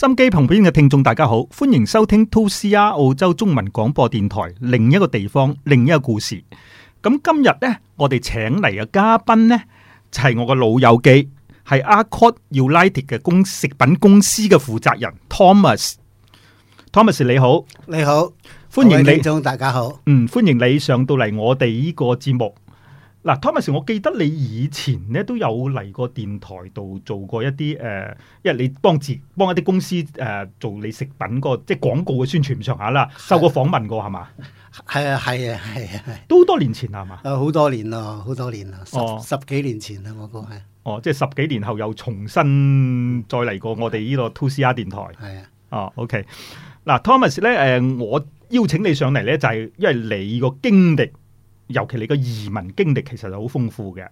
心機旁邊嘅聽眾，大家好，歡迎收聽 2CR 澳洲中文廣播電台另一個地方、另一個故事。咁今日呢，我哋請嚟嘅嘉賓呢，就係我個老友記，係 Accord United 嘅公食品公司嘅負責人 Thomas。Thomas 你好，你好，歡迎你，大家好，嗯，歡迎你上到嚟我哋呢個節目。嗱，Thomas，我記得你以前咧都有嚟過電台度做過一啲誒、呃，因為你幫自幫一啲公司誒、呃、做你食品個即係廣告嘅宣傳上下啦，的受過訪問過係嘛？係啊，係啊，係啊，都好多年前啦，係嘛？啊、呃，好多年咯，好多年啦，哦，十幾年前啦，我個係。哦，即係十幾年後又重新再嚟過我哋呢個 2CR 電台。係啊、嗯 okay. 啊。哦，OK。嗱，Thomas 咧，誒，我邀請你上嚟咧，就係因為你個經歷。尤其你個移民經歷其實係好豐富嘅。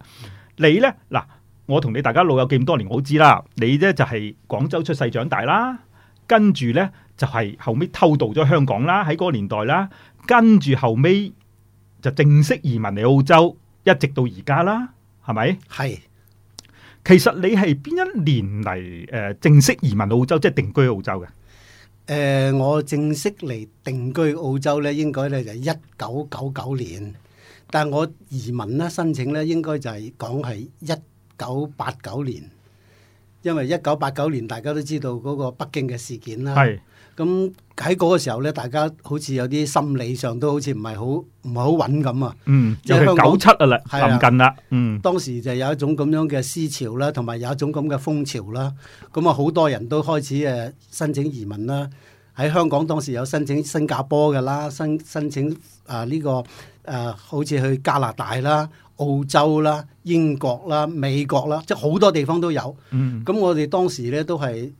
你呢，嗱，我同你大家老友咁多年，我都知啦。你呢就係廣州出世長大啦，跟住呢就係後尾偷渡咗香港啦，喺嗰個年代啦，跟住後尾就正式移民嚟澳洲，一直到而家啦，係咪？係。其實你係邊一年嚟，誒，正式移民澳洲即係定居澳洲嘅？誒，我正式嚟定居澳洲呢，應該呢就一九九九年。但係我移民咧，申請咧，應該就係講係一九八九年，因為一九八九年大家都知道嗰個北京嘅事件啦。係咁喺嗰個時候咧，大家好似有啲心理上都好似唔係好唔係好穩咁、嗯、啊。嗯，尤其九七啊啦，臨近啦。嗯，當時就有一種咁樣嘅思潮啦，同埋有，有一種咁嘅風潮啦。咁、嗯、啊，好、嗯嗯、多人都開始誒申請移民啦。喺香港當時有申請新加坡㗎啦，申申請啊呢、啊這個。誒、呃，好似去加拿大啦、澳洲啦、英國啦、美國啦，即係好多地方都有。咁、嗯嗯、我哋當時呢都係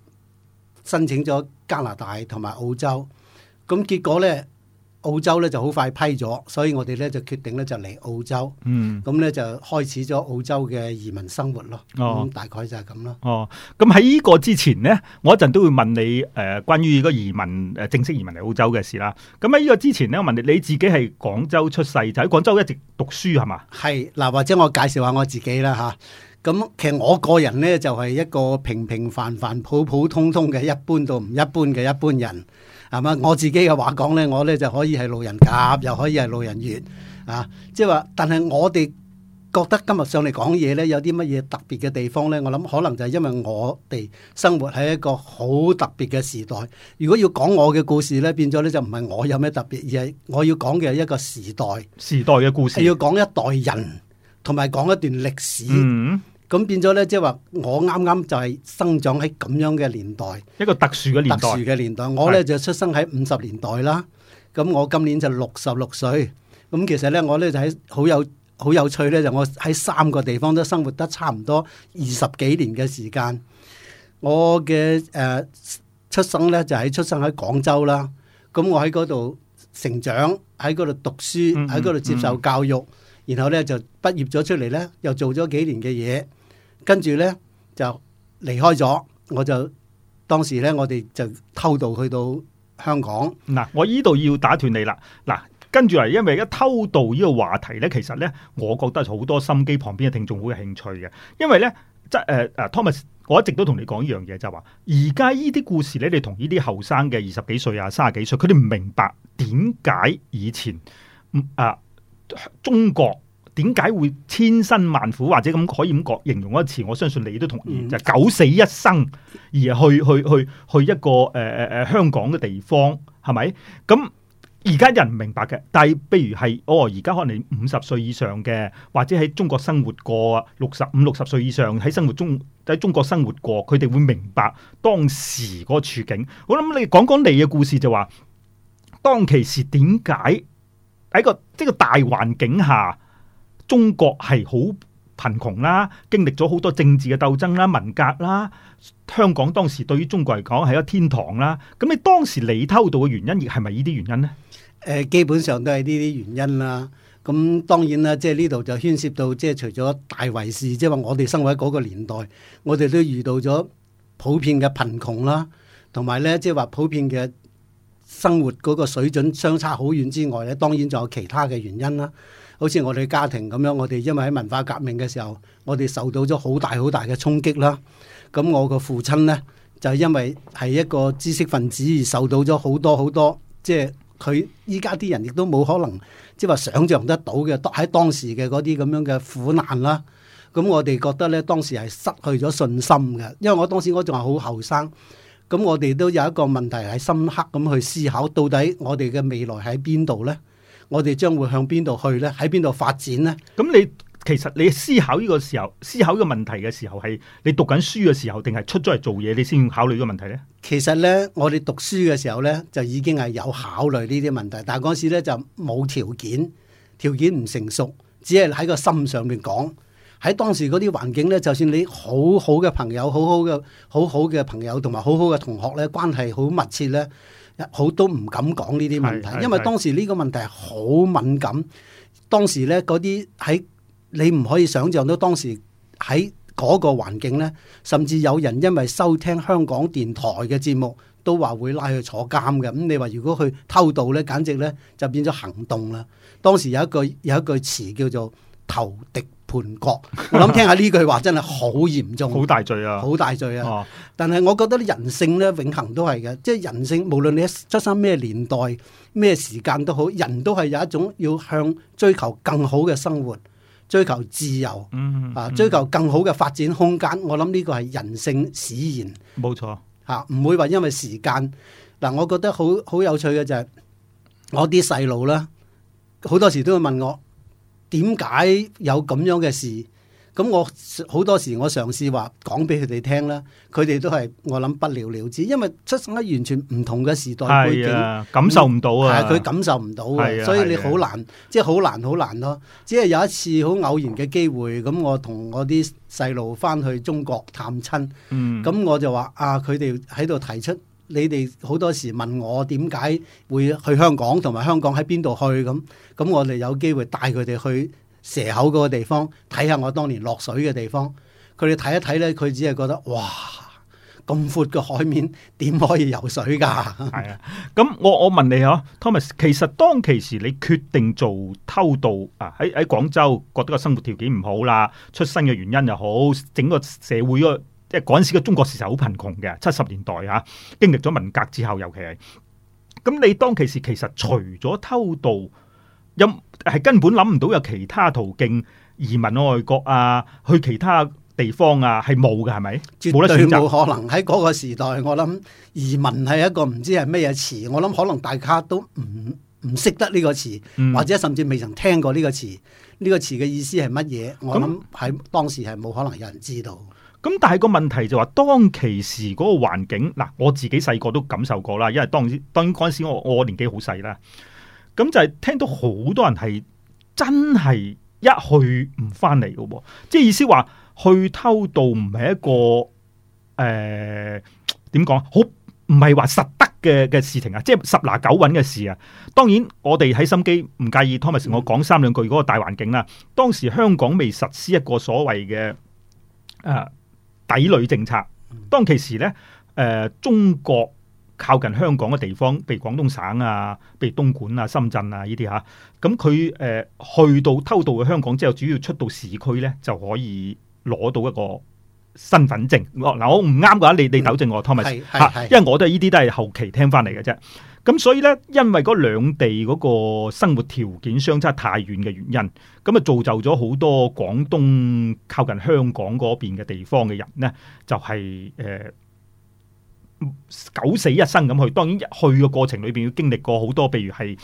申請咗加拿大同埋澳洲，咁結果呢。澳洲咧就好快批咗，所以我哋咧就決定咧就嚟澳洲，咁咧、嗯、就開始咗澳洲嘅移民生活咯。咁、哦、大概就係咁咯。哦，咁喺呢個之前咧，我一陣都會問你誒、呃、關於個移民誒、呃、正式移民嚟澳洲嘅事啦。咁喺呢個之前咧，我問你你自己係廣州出世就喺廣州一直讀書係嘛？係嗱、呃，或者我介紹下我自己啦吓，咁、啊、其實我個人咧就係、是、一個平平凡凡、凡、普、普普通通嘅一般到唔一般嘅一、一般人。係嘛？我自己嘅話講咧，我咧就可以係路人甲，又可以係路人乙啊！即係話，但係我哋覺得今日上嚟講嘢咧，有啲乜嘢特別嘅地方咧？我諗可能就係因為我哋生活喺一個好特別嘅時代。如果要講我嘅故事咧，變咗咧就唔係我有咩特別，而係我要講嘅係一個時代、時代嘅故事，要講一代人，同埋講一段歷史。嗯咁變咗咧，即係話我啱啱就係生長喺咁樣嘅年代，一個特殊嘅年代。特殊嘅年代，我咧是就出生喺五十年代啦。咁我今年就六十六歲。咁其實咧，我咧就喺好有好有趣咧，就我喺三個地方都生活得差唔多二十幾年嘅時間。我嘅誒、呃、出生咧就喺出生喺廣州啦。咁我喺嗰度成長，喺嗰度讀書，喺嗰度接受教育。嗯嗯然後咧就畢業咗出嚟咧，又做咗幾年嘅嘢，跟住咧就離開咗。我就當時咧，我哋就偷渡去到香港。嗱、嗯，我依度要打斷你啦。嗱、嗯，跟住嚟，因為一偷渡呢個話題咧，其實咧，我覺得好多心機，旁邊嘅聽眾好有興趣嘅。因為咧，即、呃、誒誒 Thomas，我一直都同你講一樣嘢就話、是，而家依啲故事咧，你同呢啲後生嘅二十幾歲啊、卅幾歲，佢哋唔明白點解以前啊？中國點解會千辛萬苦，或者咁可以咁講形容一詞，我相信你都同意，嗯、就九死一生而去去去去一個誒誒誒香港嘅地方，係咪？咁而家人唔明白嘅，但係比如係哦，而家可能你五十歲以上嘅，或者喺中國生活過六十五六十歲以上喺生活中喺中國生活過，佢哋會明白當時嗰個處境。我諗你講講你嘅故事就話，當其時點解？喺個即個大環境下，中國係好貧窮啦，經歷咗好多政治嘅鬥爭啦、文革啦。香港當時對於中國嚟講係一個天堂啦。咁你當時你偷渡嘅原因，係咪呢啲原因呢？誒、呃，基本上都係呢啲原因啦。咁當然啦，即係呢度就牽涉到即係除咗大回事，即係話我哋生活喺嗰個年代，我哋都遇到咗普遍嘅貧窮啦，同埋咧即係話普遍嘅。生活嗰個水準相差好遠之外咧，當然仲有其他嘅原因啦。好似我哋家庭咁樣，我哋因為喺文化革命嘅時候，我哋受到咗好大好大嘅衝擊啦。咁我個父親呢，就因為係一個知識分子而受到咗好多好多，即係佢依家啲人亦都冇可能即係話想像得到嘅喺當時嘅嗰啲咁樣嘅苦難啦。咁我哋覺得呢，當時係失去咗信心嘅，因為我當時我仲係好後生。咁我哋都有一個問題係深刻咁去思考，到底我哋嘅未來喺邊度呢？我哋將會向邊度去呢？喺邊度發展呢？咁你其實你思考呢個時候，思考呢個問題嘅時候，係你讀緊書嘅時候，定係出咗嚟做嘢，你先要考慮呢個問題呢？其實呢，我哋讀書嘅時候呢，就已經係有考慮呢啲問題，但係嗰時呢，就冇條件，條件唔成熟，只係喺個心上面講。喺當時嗰啲環境咧，就算你好好嘅朋友、好好嘅好好嘅朋友同埋好好嘅同學咧，關係好密切咧，好都唔敢講呢啲問題，是是是因為當時呢個問題好敏感。是是是當時咧，嗰啲喺你唔可以想像到，當時喺嗰個環境咧，甚至有人因為收聽香港電台嘅節目，都話會拉去坐監嘅。咁你話如果去偷渡咧，簡直咧就變咗行動啦。當時有一句有一句詞叫做投敵。盤國， 我諗聽下呢句話真係好嚴重，好 大罪啊！好大罪啊！啊但係我覺得人性咧，永恆都係嘅，即係人性，無論你出生咩年代，咩時間都好，人都係有一種要向追求更好嘅生活，追求自由， 啊，追求更好嘅發展空間。 我諗呢個係人性使然，冇錯吓，唔會話因為時間嗱，啊。我覺得好好有趣嘅就係我啲細路啦，好多時都會問我。點解有咁樣嘅事？咁我好多時我嘗試話講俾佢哋聽啦，佢哋都係我諗不了了之，因為出生喺完全唔同嘅時代背景，啊、感受唔到啊，係佢、啊、感受唔到嘅，啊、所以你好難，即係好難好難咯。只係有一次好偶然嘅機會，咁、哦、我同我啲細路翻去中國探親，咁、嗯、我就話啊，佢哋喺度提出。你哋好多時問我點解會去香港同埋香港喺邊度去咁？咁我哋有機會帶佢哋去蛇口嗰個地方睇下我當年落水嘅地方。佢哋睇一睇咧，佢只係覺得哇咁闊嘅海面點可以游水㗎？係啊。咁我我問你啊，Thomas，其實當其時你決定做偷渡啊？喺喺廣州覺得個生活條件唔好啦，出生嘅原因又好，整個社會啊。即係嗰陣時嘅中國，事實好貧窮嘅，七十年代啊，經歷咗文革之後，尤其係，咁你當其時其實除咗偷渡，有係根本諗唔到有其他途徑移民外國啊，去其他地方啊，係冇嘅，係咪？冇絕對 得選擇，冇可能喺嗰個時代。我諗移民係一個唔知係咩嘢詞，我諗可能大家都唔唔識得呢個詞，嗯、或者甚至未曾聽過呢個詞，呢、這個詞嘅意思係乜嘢？我諗喺當時係冇可能有人知道。嗯嗯咁但係個問題就話，當其時嗰個環境，嗱我自己細個都感受過啦，因為當時當然嗰陣時我我年紀好細啦，咁就係聽到好多人係真係一去唔返嚟嘅，即係意思話去偷渡唔係一個誒，點講好，唔係話實得嘅嘅事情啊，即係十拿九穩嘅事啊。當然我哋喺心機唔介意 ，Thomas 我講三兩句嗰個大環境啦。當時香港未實施一個所謂嘅誒。呃抵壘政策，當其時咧，誒、呃，中國靠近香港嘅地方，譬如廣東省啊，譬如東莞啊、深圳啊呢啲吓，咁佢誒去到偷渡去香港之後，主要出到市區咧，就可以攞到一個身份證。嗱、哦，我唔啱嘅話，你、嗯、你糾正我，Thomas 吓，因為我都係呢啲都係後期聽翻嚟嘅啫。咁所以呢，因為嗰兩地嗰個生活條件相差太遠嘅原因，咁啊造就咗好多廣東靠近香港嗰邊嘅地方嘅人呢，就係、是、誒、呃、九死一生咁去。當然，去嘅過程裏邊要經歷過好多，譬如係。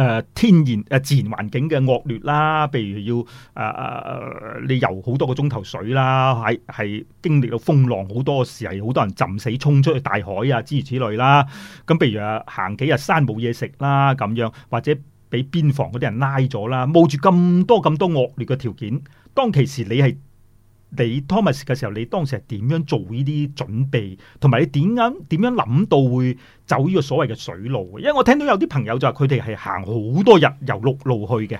誒、呃、天然誒、呃、自然環境嘅惡劣啦，譬如要誒誒、呃、你游好多個鐘頭水啦，係係經歷到風浪好多時，係好多人浸死、衝出去大海啊，諸如此類啦。咁譬如誒行幾日山冇嘢食啦，咁樣或者俾邊防嗰啲人拉咗啦，冒住咁多咁多惡劣嘅條件，當其時你係。你 Thomas 嘅時候，你當時係點樣做呢啲準備？同埋你點樣點樣諗到會走呢個所謂嘅水路？因為我聽到有啲朋友就話佢哋係行好多日由陸路去嘅。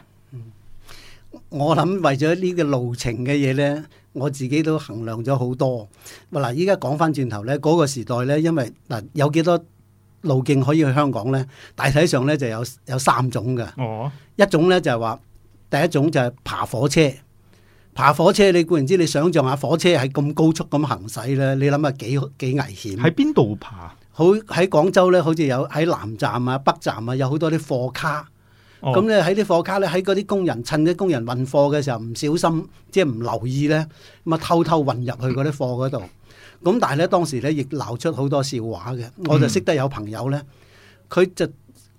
我諗為咗呢個路程嘅嘢呢，我自己都衡量咗好多。嗱，依家講翻轉頭呢，嗰個時代呢，因為嗱有幾多路徑可以去香港呢？大體上呢，就有有三種嘅。哦，一種呢，就係話，第一種就係爬火車。爬火車，你固然知，你想象下火車喺咁高速咁行駛咧，你諗下幾幾危險。喺邊度爬？好喺廣州咧，好似有喺南站啊、北站啊，有好多啲貨卡。咁咧喺啲貨卡咧，喺嗰啲工人趁啲工人運貨嘅時候唔小心，即係唔留意咧，咁啊偷偷運入去嗰啲貨嗰度。咁、嗯、但係咧當時咧亦鬧出好多笑話嘅。我就識得有朋友咧，佢就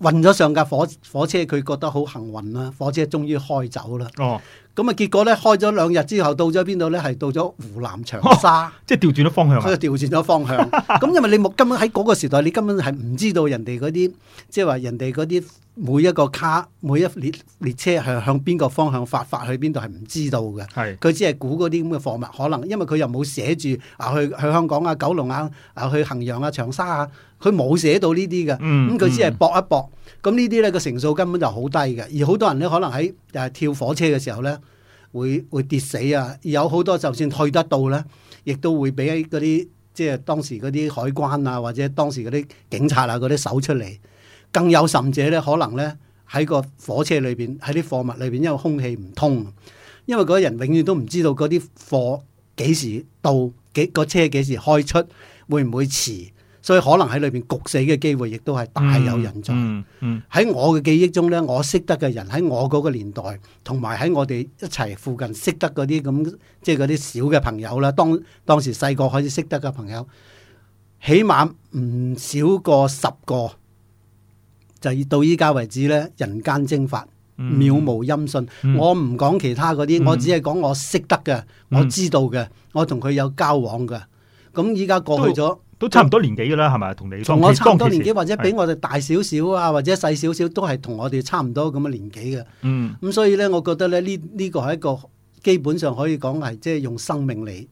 運咗上架火火車，佢覺得好幸運啦，火車終於開走啦。哦、嗯。咁啊！結果咧，開咗兩日之後，到咗邊度咧？係到咗湖南長沙，哦、即係調轉咗方向啊！佢調轉咗方向。咁 因為你冇根本喺嗰個時代，你根本係唔知道人哋嗰啲，即係話人哋嗰啲每一個卡、每一列列車係向邊個方向發發去邊度係唔知道嘅。係佢是只係估嗰啲咁嘅貨物，可能因為佢又冇寫住啊去去香港啊、九龍啊、啊去衡陽啊、長沙啊，佢冇寫到呢啲嘅。嗯，咁佢只係搏一搏。咁呢啲咧個成數根本就好低嘅，而好多人咧可能喺誒跳火車嘅時候咧。會會跌死啊！有好多就算去得到呢，亦都會俾嗰啲即係當時嗰啲海關啊，或者當時嗰啲警察啊嗰啲搜出嚟。更有甚者呢，可能呢，喺個火車裏邊，喺啲貨物裏邊，因為空氣唔通，因為嗰人永遠都唔知道嗰啲貨幾時到，幾個車幾時開出，會唔會遲？所以可能喺裏邊焗死嘅機會，亦都係大有人在。喺、嗯嗯、我嘅記憶中呢，我識得嘅人喺我嗰個年代，同埋喺我哋一齊附近識得嗰啲咁，即係嗰啲小嘅朋友啦。當當時細個開始識得嘅朋友，起碼唔少過十個，就到依家為止呢，人間蒸發，渺無音訊。嗯、我唔講其他嗰啲，嗯、我只係講我識得嘅，嗯、我知道嘅，我同佢有交往嘅。咁依家過去咗。都差唔多年紀噶啦，係咪同你？同我差唔多年紀，或者比我哋大少少啊，是或者細少少，都係同我哋差唔多咁嘅年紀嘅。嗯，咁、嗯、所以咧，我覺得咧，呢、這、呢個係一個基本上可以講係即係用生命嚟，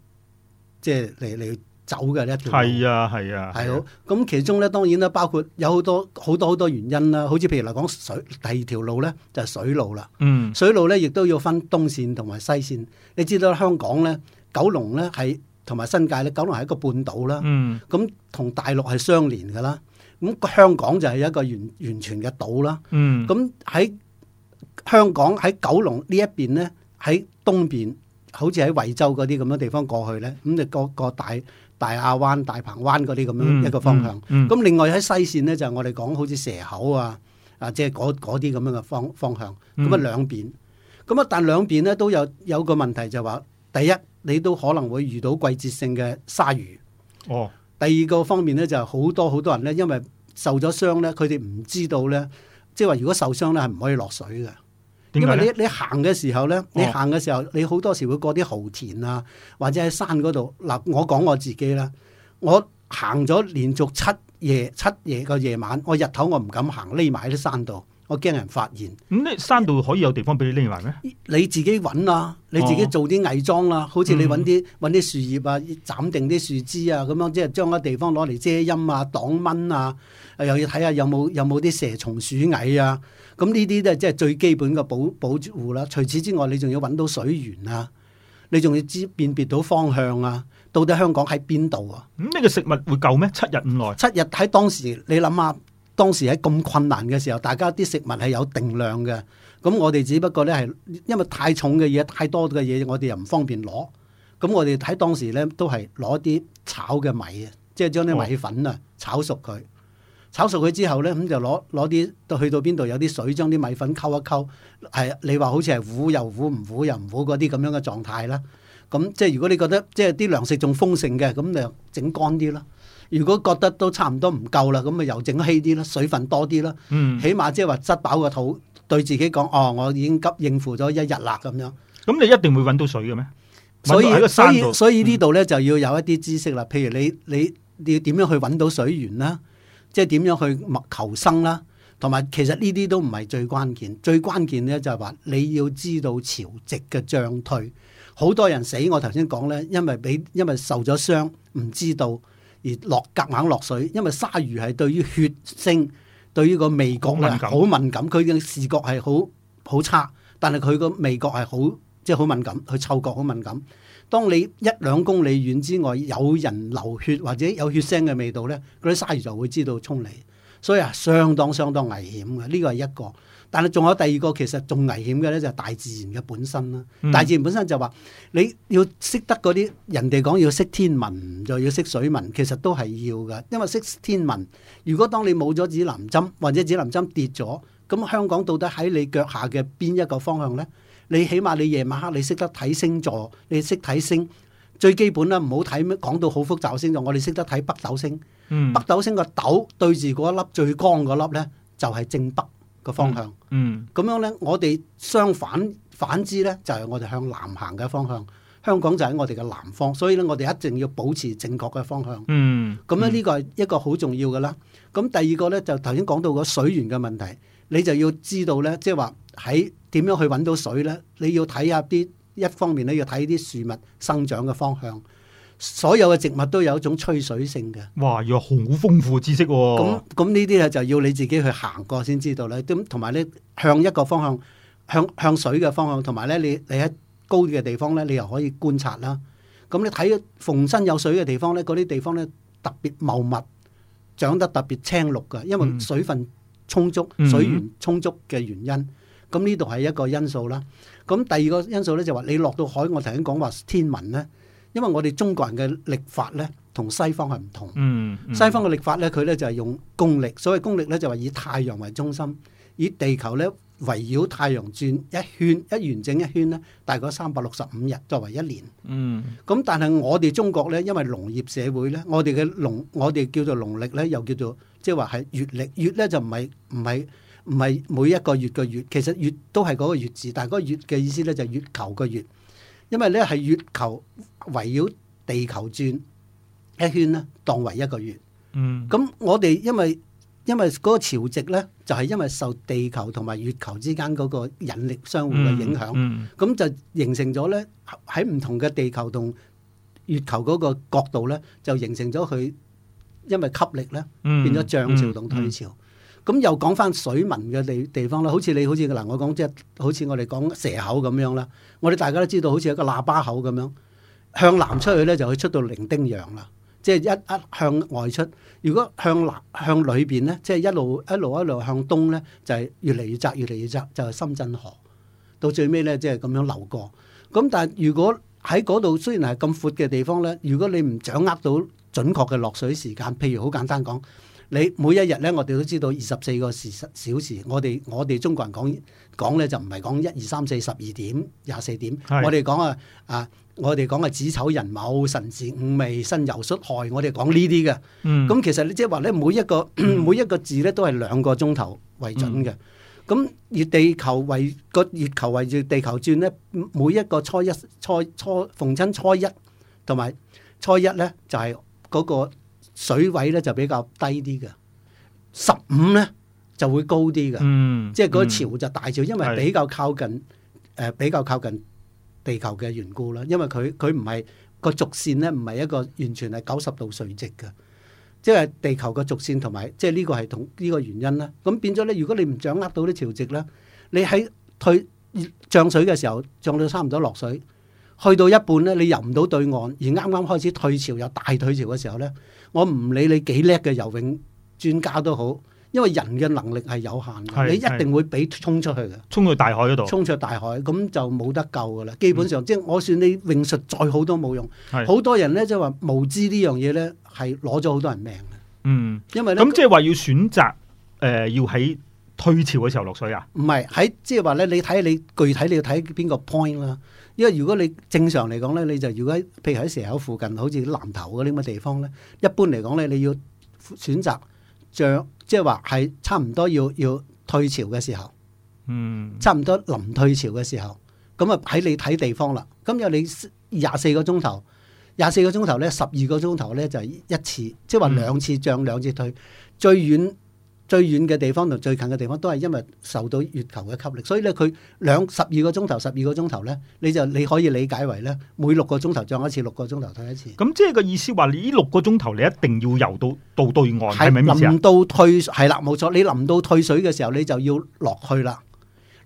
即係嚟嚟走嘅一條路。係啊，係啊，係好、啊。咁其中咧，當然都包括有好多好多好多原因啦。好似譬如嚟講水，第二條路咧，就係、是、水路啦。嗯，水路咧亦都要分東線同埋西線。你知道香港咧，九龍咧係。同埋新界咧，九龍係一個半島啦，咁同、嗯、大陸係相連嘅啦。咁、嗯、香港就係一個完完全嘅島啦。咁喺、嗯嗯、香港喺九龍呢一邊咧，喺東邊好似喺惠州嗰啲咁嘅地方過去咧，咁就個個大大亞灣、大鵬灣嗰啲咁樣一個方向。咁、嗯嗯嗯嗯、另外喺西線咧，就係、我哋講好似蛇口啊啊，即係嗰啲咁樣嘅方方向。咁啊、嗯嗯、兩邊，咁啊但兩邊咧都有有個問題就話。第一，你都可能會遇到季節性嘅鯊魚。哦。第二個方面咧，就係、是、好多好多人咧，因為受咗傷咧，佢哋唔知道咧，即係話如果受傷咧係唔可以落水嘅。點解？因為你你行嘅時候咧，你行嘅時候，哦、你好多時會過啲蠔田啊，或者喺山嗰度。嗱，我講我自己啦，我行咗連續七夜七夜個夜晚，我日頭我唔敢行，匿埋喺啲山度。我驚人發現咁，呢、嗯、山度可以有地方俾你拎埋咩？你自己揾啊，你自己做啲偽裝啊，哦、好似你揾啲揾啲樹葉啊，斬定啲樹枝啊，咁樣即係將個地方攞嚟遮陰啊、擋蚊啊，又要睇下有冇有冇啲蛇蟲鼠蟻啊。咁呢啲都係即係最基本嘅保保護啦、啊。除此之外，你仲要揾到水源啊，你仲要知辨別到方向啊。到底香港喺邊度啊？咁呢、嗯呢個食物會夠咩？七日五耐，七日喺當時你諗下，當時喺咁困難嘅時候，大家啲食物係有定量嘅。咁我哋只不過咧係，因為太重嘅嘢，太多嘅嘢，我哋又唔方便攞。咁我哋喺當時咧都係攞啲炒嘅米，即係將啲米粉啊炒熟佢。炒熟佢之後咧，咁就攞攞啲去到邊度有啲水，將啲米粉溝一溝。係你話好似係糊又糊，唔糊又唔糊嗰啲咁樣嘅狀態啦。咁即係如果你覺得即係啲糧食仲豐盛嘅，咁你整乾啲啦。如果覺得都差唔多唔夠啦，咁咪又整稀啲啦，水分多啲啦，嗯、起碼即係話質飽個肚，對自己講，哦，我已經急應付咗一日啦咁樣。咁、嗯、你一定會揾到水嘅咩以？所以所以呢度呢，就要有一啲知識啦。譬、嗯、如你你要點樣去揾到水源啦，即係點樣去求生啦，同埋其實呢啲都唔係最關鍵，最關鍵呢就係話你要知道潮汐嘅漲退。好多人死，我頭先講呢，因為俾因為受咗傷唔知道。而落夾硬落水，因為鯊魚係對於血腥、對於個味覺係好敏感，佢嘅感視覺係好好差，但係佢個味覺係好即係好敏感，佢嗅覺好敏感。當你一兩公里遠之外有人流血或者有血腥嘅味道咧，嗰啲鯊魚就會知道衝嚟，所以啊，相當相當危險嘅，呢、這個係一個。但係仲有第二個其實仲危險嘅咧，就係大自然嘅本身啦。嗯、大自然本身就話你要識得嗰啲人哋講要識天文，就要識水文，其實都係要㗎。因為識天文，如果當你冇咗指南針，或者指南針跌咗，咁香港到底喺你腳下嘅邊一個方向咧？你起碼你夜晚黑你識得睇星座，你識睇星最基本啦，唔好睇咩講到好複雜星座。我哋識得睇北斗星，嗯、北斗星個斗對住嗰一粒最光嗰粒咧，就係、是、正北。個方向，咁、嗯嗯、樣咧，我哋相反反之咧，就係、是、我哋向南行嘅方向。香港就喺我哋嘅南方，所以咧，我哋一定要保持正確嘅方向。咁咧、嗯，呢、嗯、個係一個好重要嘅啦。咁第二個咧，就頭先講到個水源嘅問題，你就要知道咧，即係話喺點樣去揾到水咧？你要睇下啲一,一方面呢，你要睇啲樹木生長嘅方向。所有嘅植物都有一種趨水性嘅。哇！又好豐富知識喎、哦。咁咁呢啲啊，就要你自己去行過先知道啦。咁同埋咧，向一個方向，向向水嘅方向，同埋咧，你你喺高嘅地方咧，你又可以觀察啦。咁你睇逢身有水嘅地方咧，嗰啲地方咧，特別茂密，長得特別青綠嘅，因為水分充足、嗯、水源充足嘅原因。咁呢度係一個因素啦。咁第二個因素咧就話、是，你落到海，我頭先講話天文咧。因為我哋中國人嘅曆法咧，同西方係唔同。嗯嗯、西方嘅曆法咧，佢咧就係、是、用公曆。所謂公曆咧，就話、是、以太陽為中心，以地球咧圍繞太陽轉一圈，一完整一圈咧，大概三百六十五日作為一年。咁、嗯嗯、但係我哋中國咧，因為農業社會咧，我哋嘅農我哋叫做農曆咧，又叫做即係話係月曆。月咧就唔係唔係唔係每一個月嘅月，其實月都係嗰個月字，但係嗰個月嘅意思咧就係、是、月球嘅月，因為咧係月球。圍繞地球轉一圈啦，當為一個月。嗯，咁我哋因為因為嗰個潮汐咧，就係、是、因為受地球同埋月球之間嗰個引力相互嘅影響，咁、嗯嗯、就形成咗咧喺唔同嘅地球同月球嗰個角度咧，就形成咗佢因為吸力咧，變咗漲潮同退潮。咁、嗯嗯嗯、又講翻水文嘅地地方啦，好似你好似嗱，我講即係好似我哋講蛇口咁樣啦，我哋大家都知道，好似一個喇叭口咁樣。向南出去咧，就可以出到零丁洋啦，即係一一向外出。如果向南向裏邊咧，即係一路一路一路向東咧，就係越嚟越窄，越嚟越窄，就係深圳河。到最尾咧，即係咁樣流過。咁但係如果喺嗰度雖然係咁闊嘅地方咧，如果你唔掌握到準確嘅落水時間，譬如好簡單講，你每一日咧，我哋都知道二十四個時十小時。我哋我哋中國人講講咧就唔係講一二三四十二點廿四點。點的我哋講啊啊，我哋講啊子丑寅卯辰巳午未申酉戌亥。我哋講呢啲嘅。咁、嗯嗯、其實你即係話，咧，每一個每一個字咧都係兩個鐘頭為準嘅。咁、嗯嗯、月，月地球圍個月球圍住地球轉咧，每一個初一初初，初逢親初一同埋初一咧就係、是、嗰、那個。水位咧就比較低啲嘅，十五咧就會高啲嘅，嗯、即係嗰潮就大潮，嗯、因為比較靠近誒的、呃、比較靠近地球嘅緣故啦。因為佢佢唔係個軸線咧，唔係一個完全係九十度垂直嘅，即係地球嘅軸線個同埋即係呢個係同呢個原因啦。咁變咗咧，如果你唔掌握到啲潮汐啦，你喺退漲水嘅時候漲到差唔多落水，去到一半咧，你游唔到對岸，而啱啱開始退潮又大退潮嘅時候咧。我唔理你幾叻嘅游泳專家都好，因為人嘅能力係有限嘅，是是你一定會俾衝出去嘅，衝去大海嗰度，衝出大海咁就冇得救噶啦。基本上，嗯、即係我算你泳術再好都冇用，好是多人咧即係話無知呢樣嘢咧係攞咗好多人命嘅。嗯，因為咧咁即係話要選擇誒、呃，要喺退潮嘅時候落水啊？唔係喺即係話咧，你睇你具體你要睇邊個 point 啦。因為如果你正常嚟講咧，你就如果譬如喺蛇口附近，好似南頭嗰啲咁嘅地方咧，一般嚟講咧，你要選擇漲，即係話係差唔多要要退潮嘅時候，嗯，差唔多臨退潮嘅時候，咁啊喺你睇地方啦。咁有你廿四個鐘頭，廿四個鐘頭咧，十二個鐘頭咧就一次，即係話兩次漲兩、嗯、次、次退，最遠。最遠嘅地方同最近嘅地方都係因為受到月球嘅吸力，所以咧佢兩十二個鐘頭，十二個鐘頭咧，你就你可以理解為咧每六個鐘頭漲一次，六個鐘頭退一次。咁即係個意思話，你呢六個鐘頭你一定要游到到對岸，係咪呢？臨到退係啦，冇錯，你臨到退水嘅時候，你就要落去啦。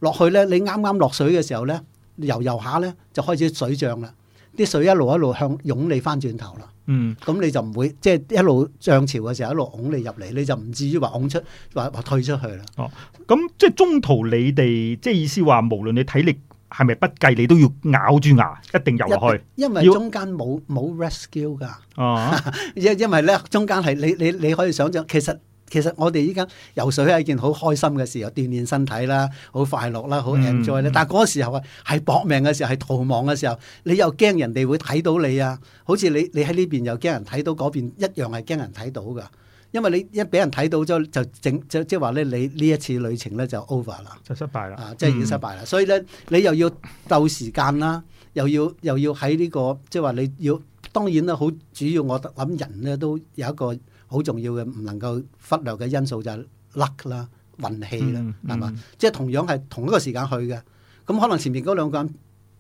落去咧，你啱啱落水嘅時候咧，游遊下咧就開始水漲啦。啲水一路一路向擁你翻轉頭啦，嗯，咁你就唔會即係、就是、一路漲潮嘅時候一路擁你入嚟，你就唔至於話擁出或或退出去啦。哦，咁即係中途你哋即係意思話，無論你體力係咪不，不計，你都要咬住牙一定游落去，因為中間冇冇要 rescue 噶。哦、啊，因 因為咧中間係你你你可以想像其實，其實我哋依家游水係一件好開心嘅事，又鍛鍊身體啦，好快樂啦，好 enjoy 咧。嗯、但係嗰個時候啊，係搏命嘅時候，係逃亡嘅時候，你又驚人哋會睇到你啊！好似你你喺呢邊又驚人睇到嗰邊，一樣係驚人睇到噶。因為你一俾人睇到咗，就整即即話咧，就是、你呢一次旅程咧就 over 啦，就失敗啦，嗯、啊即係已經失敗啦。所以咧，你又要鬥時間啦，又要又要喺呢個即係話你要，當然啦，好主要我諗人咧都有一個。好重要嘅唔能夠忽略嘅因素就係 luck 啦運氣啦，係嘛、嗯嗯？即係同樣係同一個時間去嘅，咁可能前面嗰兩個人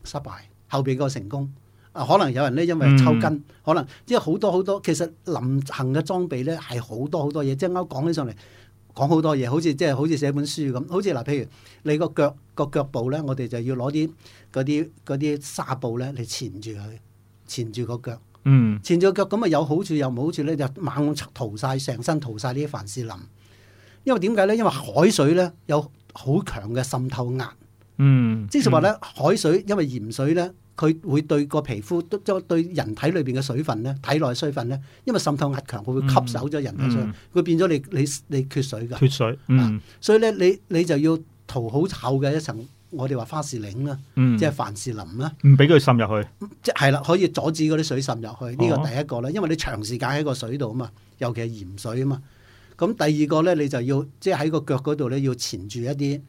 失敗，後邊個成功，啊可能有人咧因為抽筋，嗯、可能即係好多好多。其實臨行嘅裝備咧係好多好多嘢，即係啱啱講起上嚟講好多嘢，好似即係好似寫本書咁，好似嗱譬如你腳、這個腳個腳部咧，我哋就要攞啲嗰啲嗰啲紗布咧嚟纏住佢，纏住個腳。嗯，前隻腳咁，啊有好處有唔好處咧，就猛塗晒，成身塗晒呢啲凡士林，因為點解咧？因為海水咧有好強嘅滲透壓，嗯，嗯即是話咧海水因為鹽水咧，佢會對個皮膚都將對人體裏邊嘅水分咧體內水分咧，因為滲透壓強，佢會吸收咗人體水分，佢、嗯嗯、變咗你你你缺水嘅，缺水，嗯啊、所以咧你你就要塗好厚嘅一層。我哋話花士嶺啦，嗯、即係凡士林啦，唔俾佢滲入去，即係啦，可以阻止嗰啲水滲入去。呢、這個第一個咧，因為你長時間喺個水度啊嘛，尤其係鹽水啊嘛。咁第二個咧，你就要即係喺個腳嗰度咧，要纏住一啲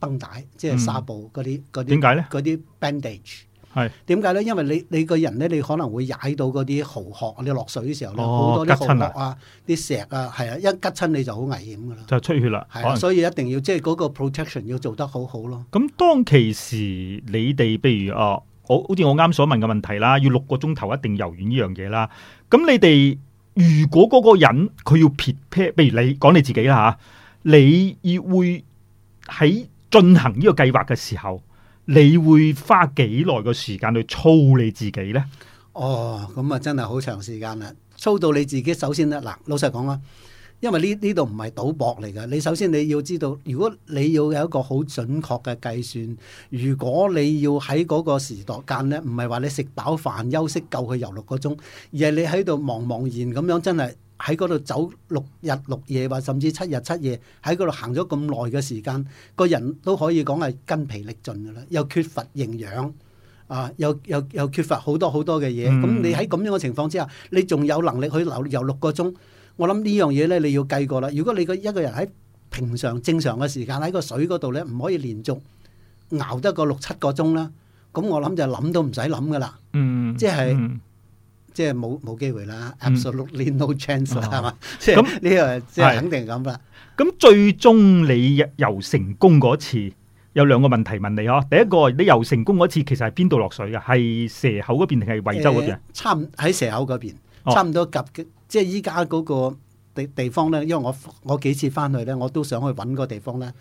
繃帶，即係紗布嗰啲嗰啲。點解咧？嗰啲 bandage。係點解咧？因為你你個人咧，你可能會踩到嗰啲蠔殼，你落水嘅時候咧，好、哦、多啲蠔殼啊、啲、啊、石啊，係啊，一割親你就好危險噶啦，就出血啦。係的能所以一定要即係嗰個 protection 要做得好好咯。咁當其時你，你哋譬如哦，好我好似我啱所問嘅問題啦，要六個鐘頭一定游完呢樣嘢啦。咁你哋如果嗰個人佢要撇撇，譬如你講你自己啦吓，你會喺進行呢個計劃嘅時候？你會花幾耐個時間去操你自己呢？哦，咁啊，真係好長時間啦！操到你自己，首先咧，嗱，老實講啦，因為呢呢度唔係賭博嚟㗎，你首先你要知道，如果你要有一個好準確嘅計算，如果你要喺嗰個時段間咧，唔係話你食飽飯休息夠去游六個鐘，而係你喺度茫茫然咁樣，真係。喺嗰度走六日六夜或甚至七日七夜，喺嗰度行咗咁耐嘅時間，個人都可以講係筋疲力盡噶啦，又缺乏營養，啊，又又又缺乏好多好多嘅嘢。咁、嗯、你喺咁樣嘅情況之下，你仲有能力去留遊六個鐘？我諗呢樣嘢咧，你要計過啦。如果你個一個人喺平常正常嘅時間喺個水嗰度咧，唔可以連續熬得個六七個鐘啦。咁我諗就諗都唔使諗噶啦。嗯、即係。嗯即係冇冇機會啦、嗯、absolutely no chance 啦，係嘛？即係咁，你個即係肯定咁啦。咁最終你游成功嗰次，有兩個問題問你呵。第一個你游成功嗰次，其實係邊度落水㗎？係蛇口嗰邊定係惠州嗰邊、呃？差唔多喺蛇口嗰邊，差唔多及、哦、即係依家嗰個地地方咧，因為我我幾次翻去咧，我都想去揾嗰個地方咧。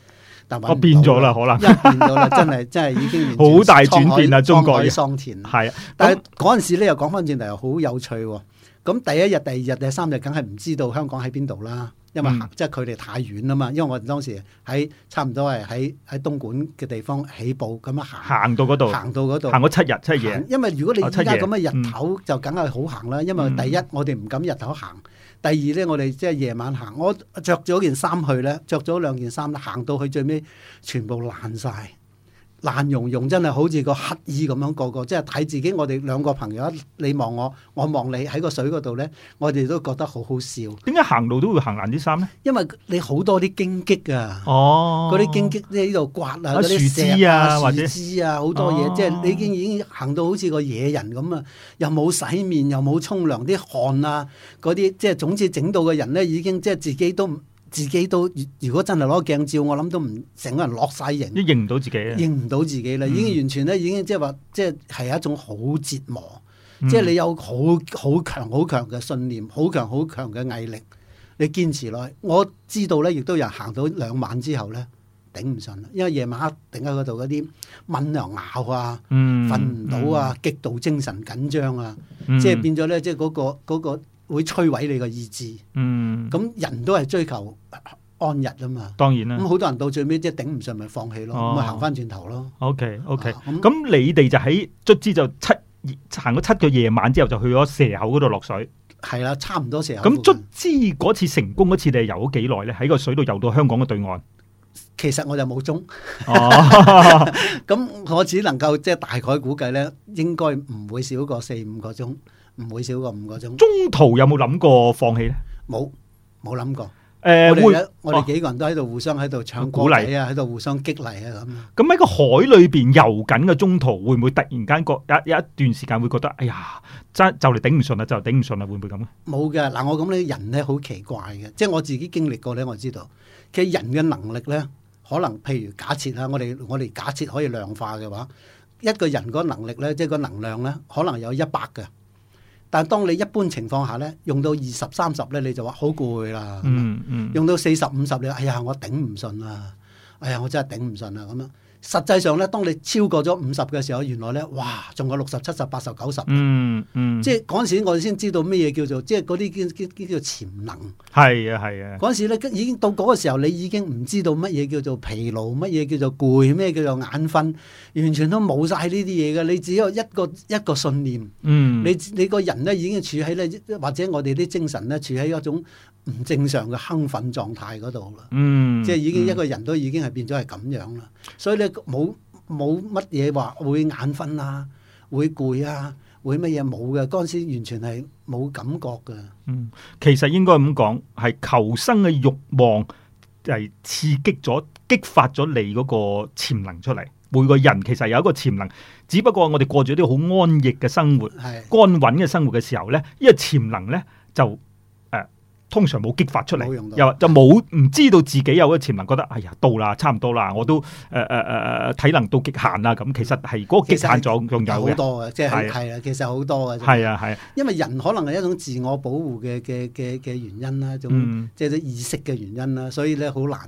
我變咗啦，好啦，一變咗啦，真係真係已經好大轉變啊！中國嘅桑田係啊，但係嗰陣時咧又講翻轉頭又好有趣喎。咁第一日、第二日、第三日梗係唔知道香港喺邊度啦，因為即係佢哋太遠啦嘛。因為我當時喺差唔多係喺喺東莞嘅地方起步咁樣行，行到嗰度，行到嗰度，行咗七日七夜。因為如果你而家咁嘅日頭就梗係好行啦，因為第一我哋唔敢日頭行。第二咧，我哋即係夜晚行，我著咗件衫去咧，著咗兩件衫行到去最尾，全部爛晒。爛融融真係好似個乞兒咁樣個個，即係睇自己。我哋兩個朋友，你望我，我望你喺個水嗰度咧，我哋都覺得好好笑。點解行路都會行爛啲衫咧？因為你好多啲荊棘啊！哦，嗰啲荊棘咧呢度刮啊，嗰啲、啊啊、者樹枝啊，或者樹枝啊好多嘢，哦、即係你已經已經行到好似個野人咁啊！又冇洗面，又冇沖涼，啲汗啊嗰啲，即係總之整到個人咧已經即係自己都。自己都如果真係攞鏡照，我諗都唔成個人落晒型，都認唔到自己，認唔到自己啦，已經完全咧，已經即係話，即係係一種好折磨。即係你有好好強、好強嘅信念，好強、好強嘅毅力，你堅持落去。我知道咧，亦都有人行到兩晚之後咧，頂唔順啦，因為夜晚黑頂喺嗰度嗰啲蚊娘咬啊，瞓唔到啊，極度精神緊張啊，即係變咗咧，即係嗰個嗰個。會摧毀你個意志，嗯，咁人都係追求安逸啊嘛，當然啦。咁好多人到最尾即係頂唔順，咪放棄咯，咪行翻轉頭咯。OK，OK，咁你哋就喺卒之就七行咗七個夜晚之後，就去咗蛇口嗰度落水。係啦、啊，差唔多蛇口。咁卒之嗰次成功嗰次，你係游咗幾耐咧？喺個水度游到香港嘅對岸。其實我就冇鐘。哦，咁 我只能夠即係大概估計咧，應該唔會少過四五個鐘。唔會少過五個鐘。中途有冇諗過放棄咧？冇，冇諗過。誒，我哋我哋幾個人都喺度互相喺度唱鼓勵啊，喺度互相激勵啊咁。咁喺個海裏邊游緊嘅中途，會唔會突然間覺一有一段時間會覺得，哎呀，真就嚟頂唔順啦，就頂唔順啦，會唔會咁咧？冇嘅，嗱，我咁咧，人咧好奇怪嘅，即係我自己經歷過咧，我知道，其實人嘅能力咧，可能譬如假設啦，我哋我哋假設可以量化嘅話，一個人嗰個能力咧，即係個能量咧，可能有一百嘅。但係當你一般情況下咧，用到二十三十咧，你就話好攰啦。嗯嗯、用到四十五十你話，哎呀我頂唔順喇！哎呀我真係頂唔順喇咁樣。實際上咧，當你超過咗五十嘅時候，原來咧，哇，仲有六十、七十、八十、九十。嗯嗯、即係嗰陣時，我哋先知道咩嘢叫做，即係嗰啲叫叫叫潛能。係啊係啊。嗰陣時咧，已經到嗰個時候，你已經唔知道乜嘢叫做疲勞，乜嘢叫做攰，咩叫，叫做眼瞓，完全都冇晒呢啲嘢嘅。你只有一個一個信念。嗯、你你個人咧已經處喺咧，或者我哋啲精神咧處喺一種唔正常嘅興奮狀態嗰度啦。嗯嗯、即係已經一個人都已經係變咗係咁樣啦，所以咧。冇冇乜嘢話會眼瞓啊，會攰啊，會乜嘢冇嘅？嗰陣時完全係冇感覺嘅。嗯，其實應該咁講，係求生嘅欲望係刺激咗、激發咗你嗰個潛能出嚟。每個人其實有一個潛能，只不過我哋過咗啲好安逸嘅生活，係安是穩嘅生活嘅時候咧，呢、呢個潛能咧就。通常冇激發出嚟，冇用到又就冇唔知道自己有嘅潛能，覺得哎呀，到啦，差唔多啦，我都誒誒誒誒體能到極限啦。咁其實係嗰個極限狀仲有嘅，即係係啊，其實好多嘅。係啊係。因為人可能係一種自我保護嘅嘅嘅嘅原因啦，種、嗯、即係意識嘅原因啦，所以咧好難。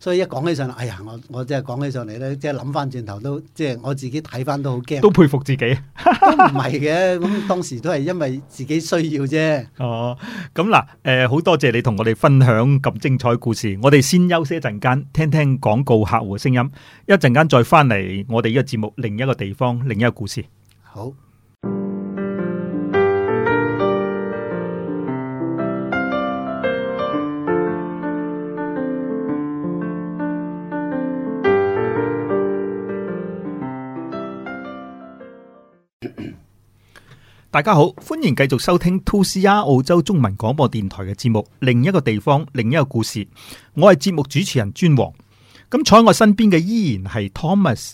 所以一講起上嚟，哎呀，我我真係講起上嚟咧，即係諗翻轉頭都，即係我自己睇翻都好驚。都佩服自己，都唔係嘅。咁當時都係因為自己需要啫。哦，咁嗱，誒、呃，好多謝你同我哋分享咁精彩故事。我哋先休息一陣間，聽聽廣告客戶嘅聲音，一陣間再翻嚟我哋呢個節目另一個地方，另一個故事。好。大家好，歡迎繼續收聽 2CR 澳洲中文廣播電台嘅節目，另一個地方，另一個故事。我係節目主持人尊王，咁坐喺我身邊嘅依然係 Thomas，